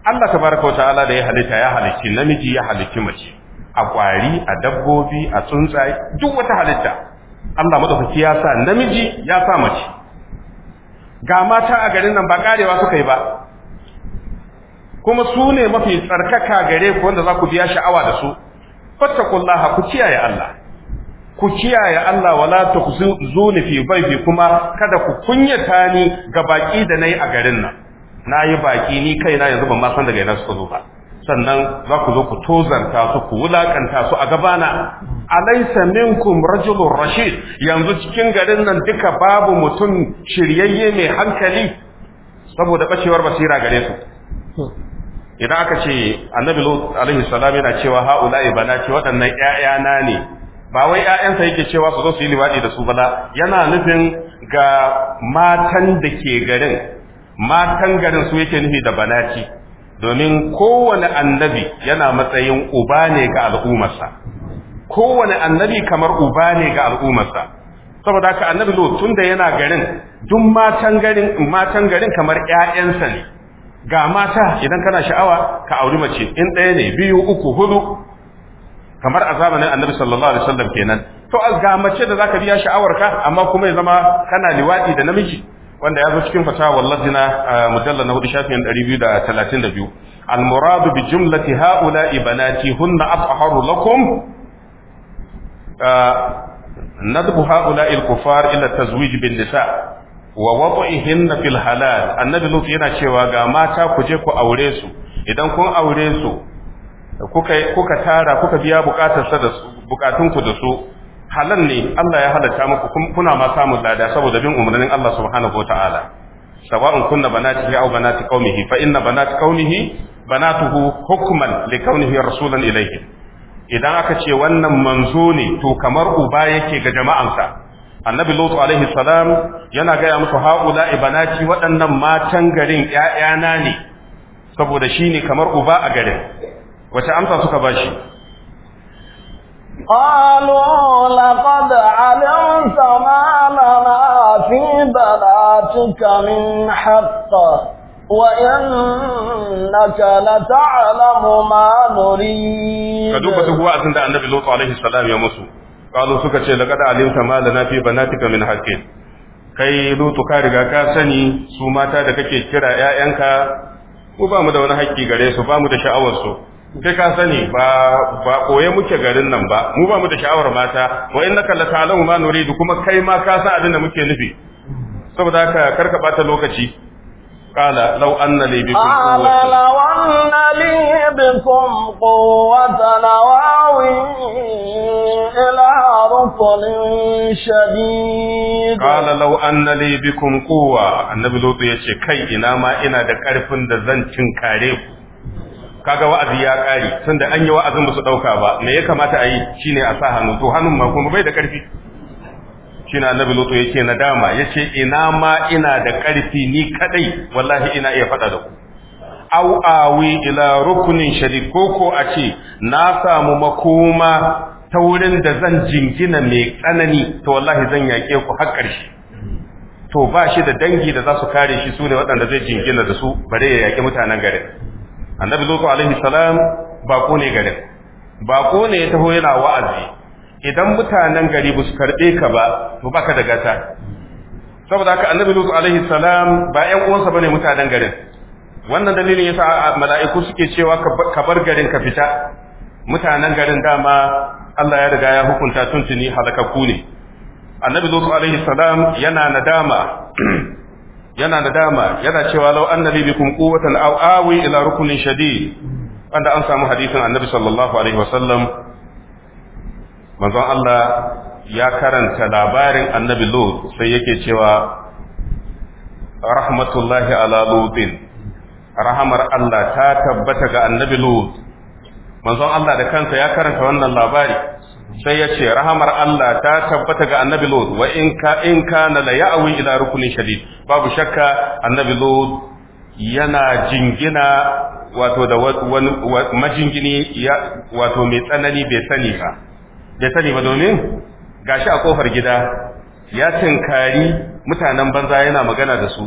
Allah tabaraka wa ta'ala da ya halitta ya halicci namiji ya halicci mace a kwari a dabbobi a tsuntsaye duk wata halitta Allah madaukaki ya sa namiji ya sa mace ga mata a garin nan ba karewa suka yi ba kuma su ne mafi tsarkaka gare ku wanda za ku biya sha'awa da su fattakullaha ku kiyaye Allah ku kiyaye Allah wala tukhzuni fi kuma kada ku kunyata ni ga baki da nayi a garin nan nayi baki ni kaina yanzu ban ma san daga ina suka zo ba sannan za ku zo ku tozanta su ku wulakanta su a gabana alaysa minkum rajulur rashid yanzu cikin garin nan duka babu mutum shiryayye mai hankali saboda bacewar basira gare su idan aka ce annabi lut alaihi salam yana cewa haula'i ce waɗannan ƴaƴana ne ba wai ‘ya'yansa yake cewa su zo su yi liwaɗi da su ba yana nufin ga matan da ke garin matan garin su yake nufi da banaci domin kowane annabi yana matsayin uba ne ga al'ummarsa kowane annabi kamar uba ne ga al'ummarsa saboda haka annabi lo tun da yana garin duk matan garin matan garin kamar ‘ya'yansa ne ga mata idan kana sha'awa ka auri mace in ɗaya ne biyu uku hudu kamar a zamanin annabi sallallahu alaihi wasallam kenan to ga mace da zaka biya sha'awarka amma kuma ya zama kana liwadi da namiji wanda ya zo cikin fatawa wallazina mujallal na hudu shafin 232 al murad bi jumlati haula ibanati hunna ataharu lakum nadbu haula al kufar ila tazwij bin nisa wa wad'ihinna fil halal annabi lut yana cewa ga mata ku je ku aure su idan kun aure su kuka tara kuka biya bukatar da su bukatun ku da su halal ne Allah ya halatta muku kuna ma samun lada saboda bin umarnin Allah subhanahu wataala sawa'un kunna banatihi aw banati qaumihi fa inna banati qaumihi banatuhu hukman li kaunihi rasulan ilayhi idan aka ce wannan manzo ne to kamar uba yake ga jama'ansa annabi lutu alaihi salam yana gaya musu haula ibanati waɗannan matan garin ƴaƴana ne saboda shine kamar uba a garin wace amsa suka bashi قالوا لقد علمت ما لنا في بناتك من حق وإنك لتعلم ما نريد كدوبة هو أسند النبي لوط عليه السلام يا مسو قالوا سكتشي لقد علمت ما لنا في بناتك من حق kai lutu ka riga ka sani su mata da kake kira ‘ya'yanka, mu ba mu da wani haƙƙi gare su, ba mu da sha'awarsu, kai ka sani ba ba koye muke garin nan ba mu ba mu da sha'awar mata wa innaka la ta'lamu ma nuridu kuma kai ma ka san abin da muke nufi saboda haka karka bata lokaci qala law anna li bikum qala law anna li bikum quwwatan wa ila rusulin shadid qala law anna li bikum quwwa annabi lutu yace kai ina ma ina da karfin da zan cin kare ku kaga wa'azi ya kare tunda an yi wa'azin ba su dauka ba me ya kamata a yi shine a sa hannu to hannun ma kuma bai da karfi shine annabi lutu yake Ya yace ina ma ina da karfi ni kaɗai? wallahi ina iya faɗa da ku au awi ila rukunin Ko ko a ce na samu makoma ta wurin da zan jingina mai tsanani to wallahi zan yaƙe ku har ƙarshe to ba shi da dangi da za su kare shi su ne waɗanda zai jingina da su bare ya yaƙi mutanen garin annabi zuwa alaihi salam bako ne garin bako ne ya taho yana wa'azi idan mutanen gari ba su karbe ka ba to baka da gata saboda haka annabi zuwa alaihi salam ba ƴan uwansa bane mutanen garin wannan dalilin yasa mala'iku suke cewa ka bar garin ka fita mutanen garin dama Allah ya riga ya hukunta tuntuni halakakku ne annabi zuwa alaihi salam yana nadama yana da dama yana cewa law annabi bikum quwwatan aw awi ila rukunin shadid wanda an samu hadisin annabi sallallahu alaihi wasallam manzon Allah ya karanta labarin annabi Lut sai yake cewa rahmatullahi ala lutin rahamar Allah ta tabbata ga annabi Lut manzon Allah da kansa ya karanta wannan labari sai ya ce rahamar Allah ta tabbata ga annabi Lut wa in ka in kana la ya'wi ila rukunin shadid babu shakka annabi lut yana jingina wato da wani majingini wato mai tsanani bai sani ba bai sani ba domin gashi a kofar gida ya tinkari mutanen banza yana magana da su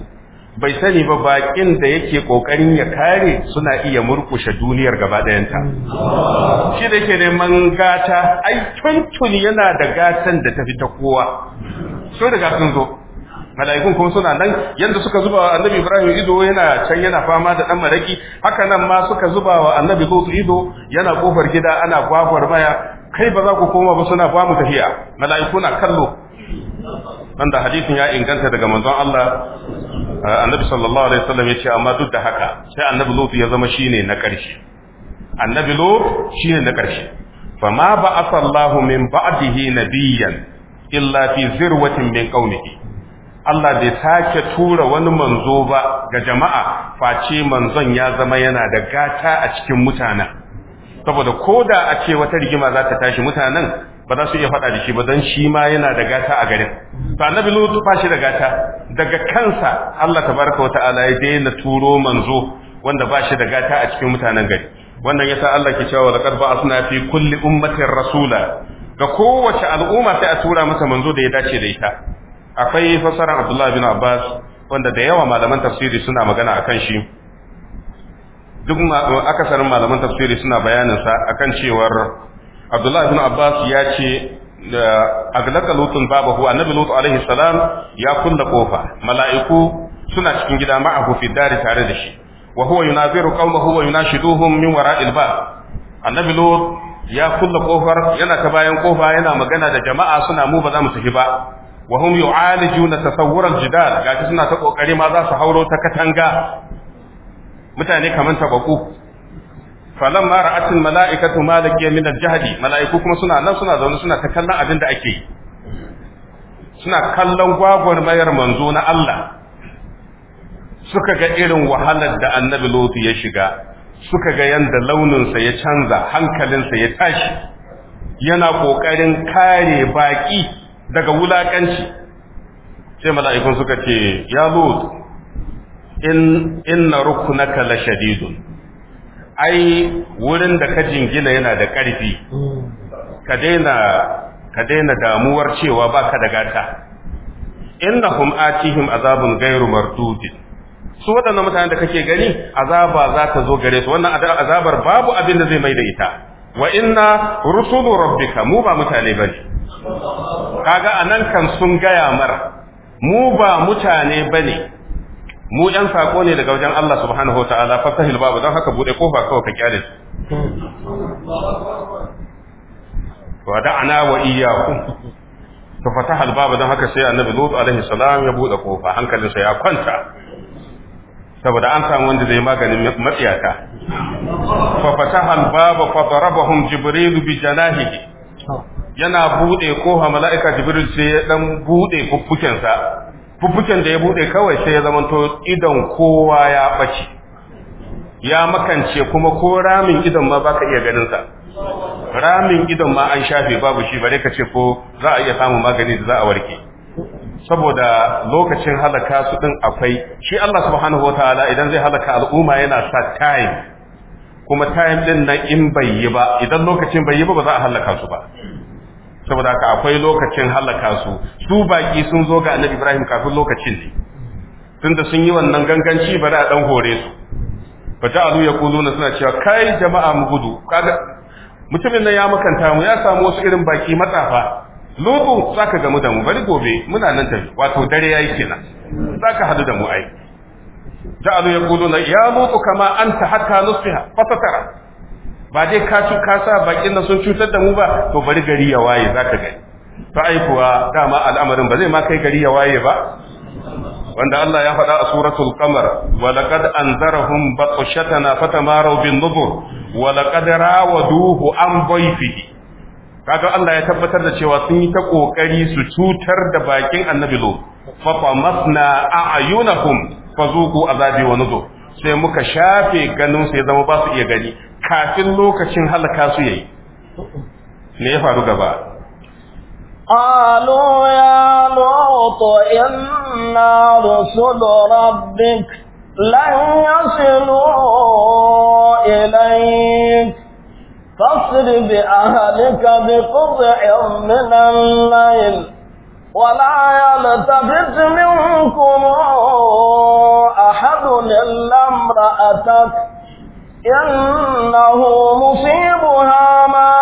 bai sani ba bakin da yake kokarin ya kare suna iya murkushe duniyar gaba dayanta shi da ke neman gata ai tuntun yana da gatan da ta fi ta kowa so daga sun zo mala'ikun kuma suna nan yanda suka zuba wa annabi ibrahim ido yana can yana fama da dan maraki haka nan ma suka zuba wa annabi lutu ido yana kofar gida ana kwakwar maya kai ba za ku koma ba suna ba mu tafiya mala'iku na kallo nan da hadisin ya inganta daga manzon Allah eh, annabi sallallahu alaihi wasallam ya ce amma duk da haka sai annabi lutu ya zama shine na karshe annabi lutu shine na karshe fama ba'atha Allahu min ba'dihi nabiyyan illa fi zirwatin min qaumihi Allah bai sake tura wani manzo ba ga jama'a face manzon ya zama yana da gata a cikin mutanen saboda koda a ce wata rigima za ta tashi mutanen ba za su iya faɗa da shi ba don shi ma yana da gata a garin to annabi lutu ba shi da gata daga kansa Allah tabaraka wa ta'ala ya daina turo manzo wanda ba shi da gata a cikin mutanen gari wannan yasa Allah ke cewa laqad ba'athna fi kulli ummatin rasula ga kowace al'umma sai a tura masa manzo da ya dace da ita akwai fasaran Abdullah bin Abbas wanda da yawa malaman tafsiri suna magana akan shi duk akasarin malaman tafsiri suna bayanin sa akan cewar Abdullah bin Abbas ya ce aglaka lutun babahu annabi lutu alaihi salam ya kunna kofa mala'iku suna cikin gida ma'ahu fi dari tare da shi wa huwa yunaziru qaumahu wa yunashiduhum min wara'il bab annabi lut ya kunna kofar yana ta bayan kofa yana magana da jama'a suna mu ba za mu tafi ba wa hum yu'alijuna tasawwur al-jidal gashi suna ta kokari ma za su hauro ta katanga mutane kaman tabaku falamma ra'atul mala'ikatu ma laqiya min al-jahdi mala'iku kuma suna nan suna zaune suna ta kallon abin da ake suna kallon gwagwarmayar manzo na Allah suka ga irin wahalar da annabi Lutu ya shiga suka ga yanda launinsa ya canza hankalinsa ya tashi yana ƙoƙarin kare baƙi daga wulakanci sai mala'ikun suka ce ya lut in inna ruknaka la shadidun ai wurin da ka jingina yana da ƙarfi ka daina ka daina damuwar cewa baka da gata innahum atihim azabun ghairu mardudin su waɗannan mutanen da kake gani azaba za ta zo gare su wannan azabar babu abin da zai mai da ita wa inna rusulu rabbika mu ba mutane bane kaga anan kan sun gaya mar mu ba mutane bane mu ɗan sako ne daga wajen Allah subhanahu wa ta'ala fasahil babu don haka buɗe kofa kawai ka kyale su wa da'ana wa iyyakum to fatahal babu don haka sai annabi lutu alaihi salam ya buɗe kofa sa ya kwanta saboda an samu wanda zai maganin matsiyata fa fatahal babu fa darabahum jibril bi janahihi yana bude ha mala'ika jibril sai ya dan bude fuffukensa fuffuken da ya bude kawai sai ya zamanto idan kowa ya bace ya makance kuma ko ramin idan ma baka iya ganin sa ramin idan ma an shafe babu shi bare ka ce ko za a iya samun magani da za a warke saboda lokacin halaka su din akwai shi Allah subhanahu wataala idan zai halaka al'umma yana sa time kuma time din nan in bai yi ba idan lokacin bai yi ba ba za a halaka su ba saboda ka akwai lokacin halaka su su baki sun zo ga annabi ibrahim kafin lokacin ne tunda sun yi wannan ganganci bari a dan hore su fa ja'alu yaquluna suna cewa kai jama'a mu gudu kaga mutumin nan ya makanta mu ya samu wasu irin baki matsafa lubu saka gamu da mu bari gobe muna nan tafi wato dare yayi kenan saka hadu da mu ai ja'alu yaquluna ya lutu kama anta hatta nusfiha fatatara ba dai ka ci ka sa bakin da sun cutar da mu ba to bari gari ya waye zaka gani to ai kuwa dama al'amarin ba zai ma kai gari ya waye ba wanda Allah ya faɗa a suratul qamar wa laqad anzarahum batshatana fatamaru bin nubur wa laqad rawaduhu an bayfihi kaga Allah ya tabbatar da cewa sun yi ta kokari su cutar da bakin annabi lo fa famasna a'yunakum fazuqu azabi wa nuzur sai muka shafe ganin sai ya zama ba su iya gani kafin lokacin halaka su yayi me ya faru gaba قالوا يا لوط إنا رسل ربك لن يصلوا إليك فاصر بأهلك بقطع من الليل ولا يلتفت منكم أحد إلا امرأتك إنه مصيبها ما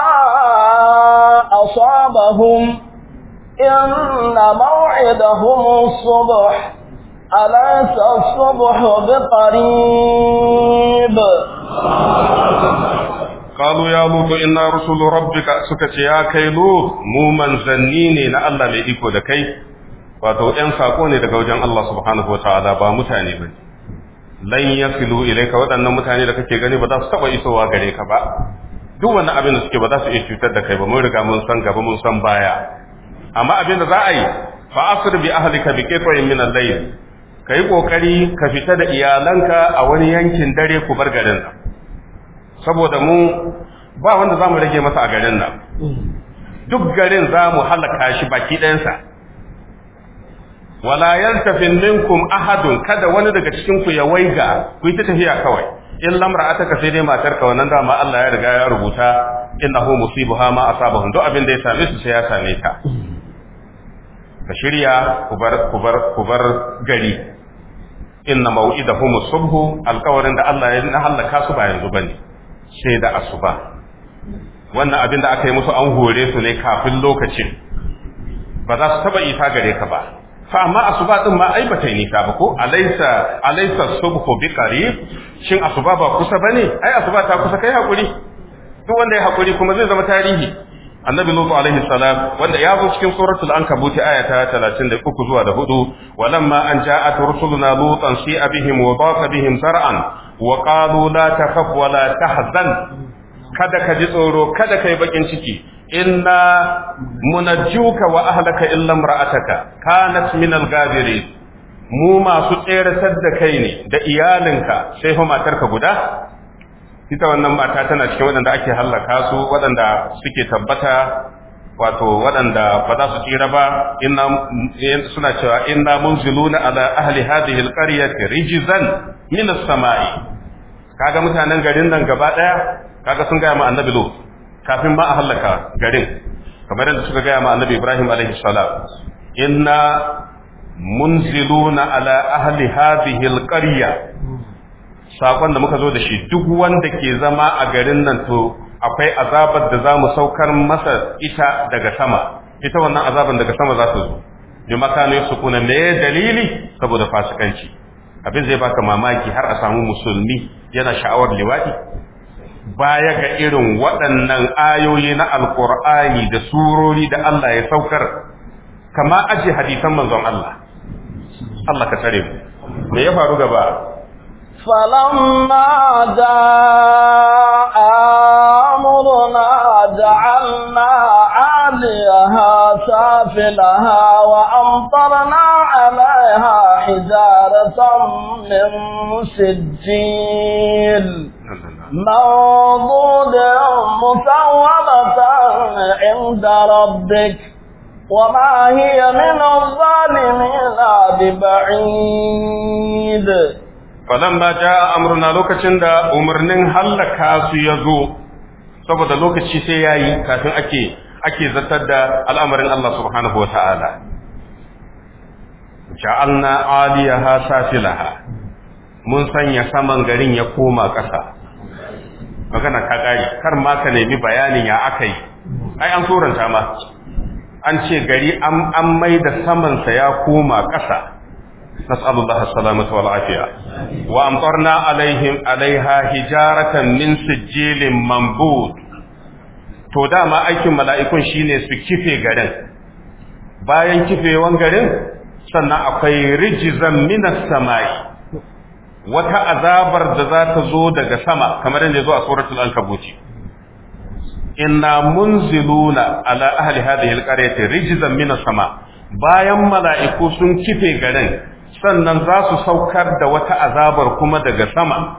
أصابهم إن موعدهم الصبح أليس الصبح بقريب قالوا يا لوط إنا رسل ربك سكت يا كي لوط مو من زنيني لألا لإيكو دكي wato ‘yan saƙo ne daga wajen Allah subhanahu wa ta'ala ba mutane ba ne. lan filu ilaika waɗannan mutane da kake gani ba za su taɓa isowa gare ka ba duk wani abin da suke ba za su iya cutar da kai ba mun riga mun san gaba mun san baya amma abin da za a yi fa asir bi ahlika bi qit'in min al-layl kai kokari ka fita da iyalanka a wani yankin dare ku bar garin nan saboda mu ba wanda zamu rage masa a garin nan mm. duk garin zamu halaka shi baki ɗayansa wala yaltafin minkum ahadun kada wani daga cikin ku ya waiga ku yi ta tafiya kawai in lamra ka sai dai matar ka wannan dama Allah ya riga ya rubuta innahu musibaha ma asabahum duk abin da ya same su sai ya same ta ka shirya ku bar kubar gari inna maw'idahum subhu alqawrin da Allah ya na halaka su ba yanzu bane sai da asuba wannan abin da aka yi musu an hore su ne kafin lokacin ba za su taba isa gare ka ba fa amma asuba din ma ai bata yi nisa ba ko alaysa alaysa subhu bi qarib shin asuba ba kusa bane ai asuba ta kusa kai hakuri duk wanda ya hakuri kuma zai zama tarihi annabi lutu alaihi salam wanda ya zo cikin suratul ankabut aya ta 33 zuwa da 4 walamma an ja'at rusuluna lutan si'a abihim wa daqa bihim sar'an wa qalu la takhaf wa la tahzan kada ka ji tsoro kada kai bakin ciki inna munajjuka wa ahlaka illa imra'ataka kanat min al-ghabirin mu masu tseratar da kai ne da iyalinka sai fa matarka guda ita wannan mata tana cikin waɗanda ake hallaka su waɗanda suke tabbata wato waɗanda ba za su tsira ba suna cewa inna munziluna ala ahli hadhihi al-qaryati rijzan min as-sama'i kaga mutanen garin nan gaba daya kaga sun ga mu annabi kafin ba a hallaka garin kamar yadda suka gaya ma annabi ibrahim alaihi salam inna munziluna ala ahli hadhihi alqarya sakon da muka zo da shi duk wanda ke zama a garin nan to akwai azabar da za mu saukar masa ita daga sama ita wannan azabar daga sama za ta zo bi makanu yasukuna me dalili saboda fasikanci abin zai baka mamaki har a samu musulmi yana sha'awar liwadi baya ga irin waɗannan ayoyi na Alƙur'ani da surori da Allah ya saukar kama aje hadisan manzon Allah Allah ka tsare mu me ya faru gaba falamma da amuruna ja'alna aliyaha safilaha wa amtarna alaiha hijaratan min sijjil موضوع مسومة عند ربك وما هي من الظالمين ببعيد فلما جاء أمرنا لوكتشن دا أمرنين هلكا سيزو saboda lokaci sai yayi kafin ake ake zartar da al'amarin Allah subhanahu wa ta'ala ja'alna aliyaha safilaha mun sanya saman garin ya koma ƙasa magana ta gari kar ma ka nemi bayanin ya aka yi ai an suranta ma an ce gari an an mai da saman sa ya koma ƙasa nas'alullahi salamata wal afiya wa amtarna alaihim alaiha hijaratan min sijilin mambud to dama aikin mala'ikun shine su kife garin bayan kifewan garin sannan akwai rijizan minas sama'i wata azabar da za ta zo daga sama kamar yadda zo a suratul al-kabuti inna munziluna ala ahli hadhihi al-qaryati Rijizan min sama bayan mala'iku sun kife garin sannan za su saukar da wata azabar kuma daga sama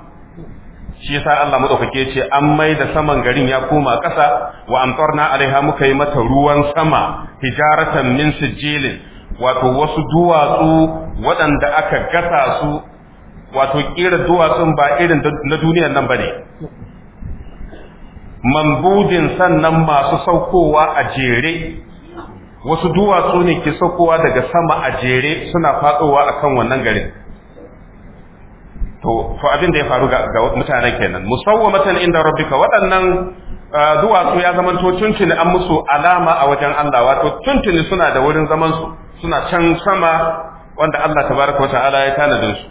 shi yasa Allah madaukake ce an mai da saman garin ya koma ƙasa wa amtarna alaiha muka yi mata ruwan sama hijaratan min sijilin wato wasu duwatsu waɗanda aka gasa su wato kira duwatsun ba irin na duniyar nan ba ne mambudin sannan masu saukowa a jere wasu duwatsu ne ke saukowa daga sama a jere suna fadowa kan wannan garin to abin da ya faru ga mutanen kenan musawwamatan inda rabbika waɗannan duwatsu ya zama to tuntuni an musu alama a wajen Allah wato tuntuni suna da wurin zaman suna can sama wanda Allah tabaraka wa ta'ala ya tanadin su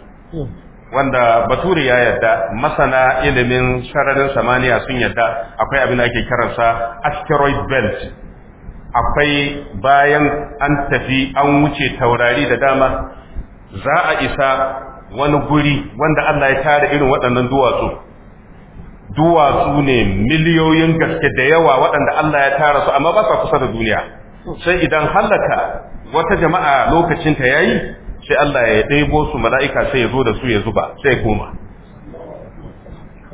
wanda bature ya yarda masana ilimin sararin samaniya sun yarda akwai abin da ake kiransa asteroid belt akwai bayan an tafi an wuce taurari da dama za a isa wani guri wanda Allah ya tara irin waɗannan duwatsu duwatsu ne miliyoyin gaske da yawa waɗanda Allah ya tara su amma ba sa kusa da duniya sai idan halaka wata jama'a lokacinta yayi sai Allah ya ɗebo su mala'ika sai ya zo da su ya zuba sai goma.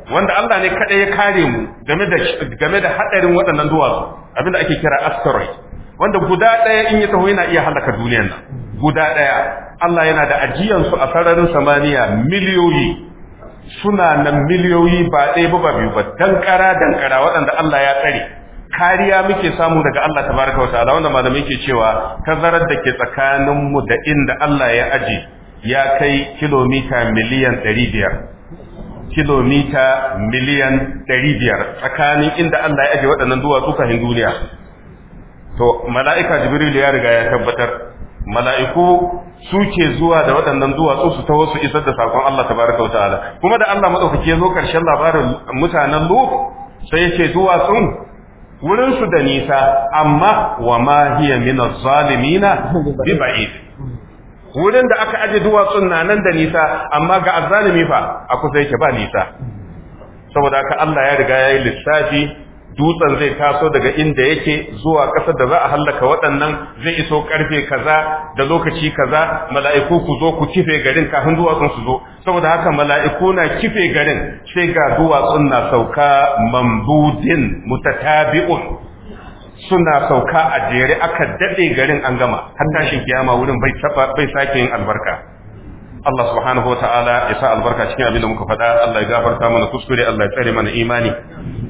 wanda Allah ne kaɗai ya kare mu game da haɗarin waɗannan duwatsu abinda ake kira asteroid wanda guda ɗaya in ya taho yana iya halaka duniyar nan guda ɗaya Allah yana da ajiyansu a sararin samaniya miliyoyi suna nan miliyoyi ba ɗaya ba biyu ba dankara dankara waɗanda Allah ya tsare kariya muke samu daga Allah tabaraka ta'ala wanda malamai ke cewa tazarar da ke tsakanin mu da inda Allah ya aje ya kai kilomita miliyan 500 kilomita miliyan 500 tsakanin inda Allah ya aje waɗannan duwatsu kafin duniya to mala'ika jibril ya riga ya tabbatar mala'iku suke zuwa da waɗannan duwatsu su taho su isar da sakon Allah tabaraka ta'ala kuma da Allah madaukake ya zo karshen labarin mutanen Lu sai yake ce duwatsun wurinsu da nisa amma wa ma hiya min az-zalimina bi ba'id wurin da aka aje duwatsun na nan da nisa amma ga azzalimi fa a kusa yake ba nisa saboda haka Allah ya riga ya yi lissafi dutsen zai taso daga inda yake zuwa ƙasar da za a hallaka waɗannan zai iso ƙarfe kaza da lokaci kaza mala'iku ku zo ku kife garin kafin duwatsun su zo saboda haka mala'iku na kife garin sai ga duwatsun na sauka mambudin mutatabi'un suna sauka a jere aka daɗe garin an gama har tashin kiyama wurin bai bai sake yin albarka Allah subhanahu wa ta'ala ya sa albarka cikin abin da muka faɗa Allah ya gafarta mana kuskure Allah ya tsare mana imani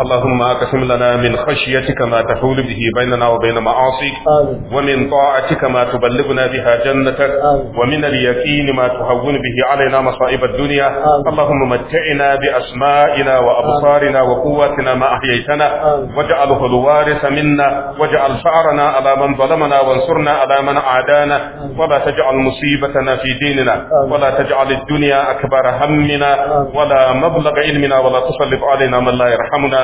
اللهم اقسم لنا من خشيتك ما تحول به بيننا وبين معاصيك ومن طاعتك ما تبلغنا بها جنتك ومن اليقين ما تهون به علينا مصائب الدنيا اللهم متعنا باسمائنا وابصارنا وقواتنا ما احييتنا واجعله الوارث منا واجعل شعرنا على من ظلمنا وانصرنا على من عادانا ولا تجعل مصيبتنا في ديننا ولا تجعل الدنيا اكبر همنا ولا مبلغ علمنا ولا تسلط علينا من لا يرحمنا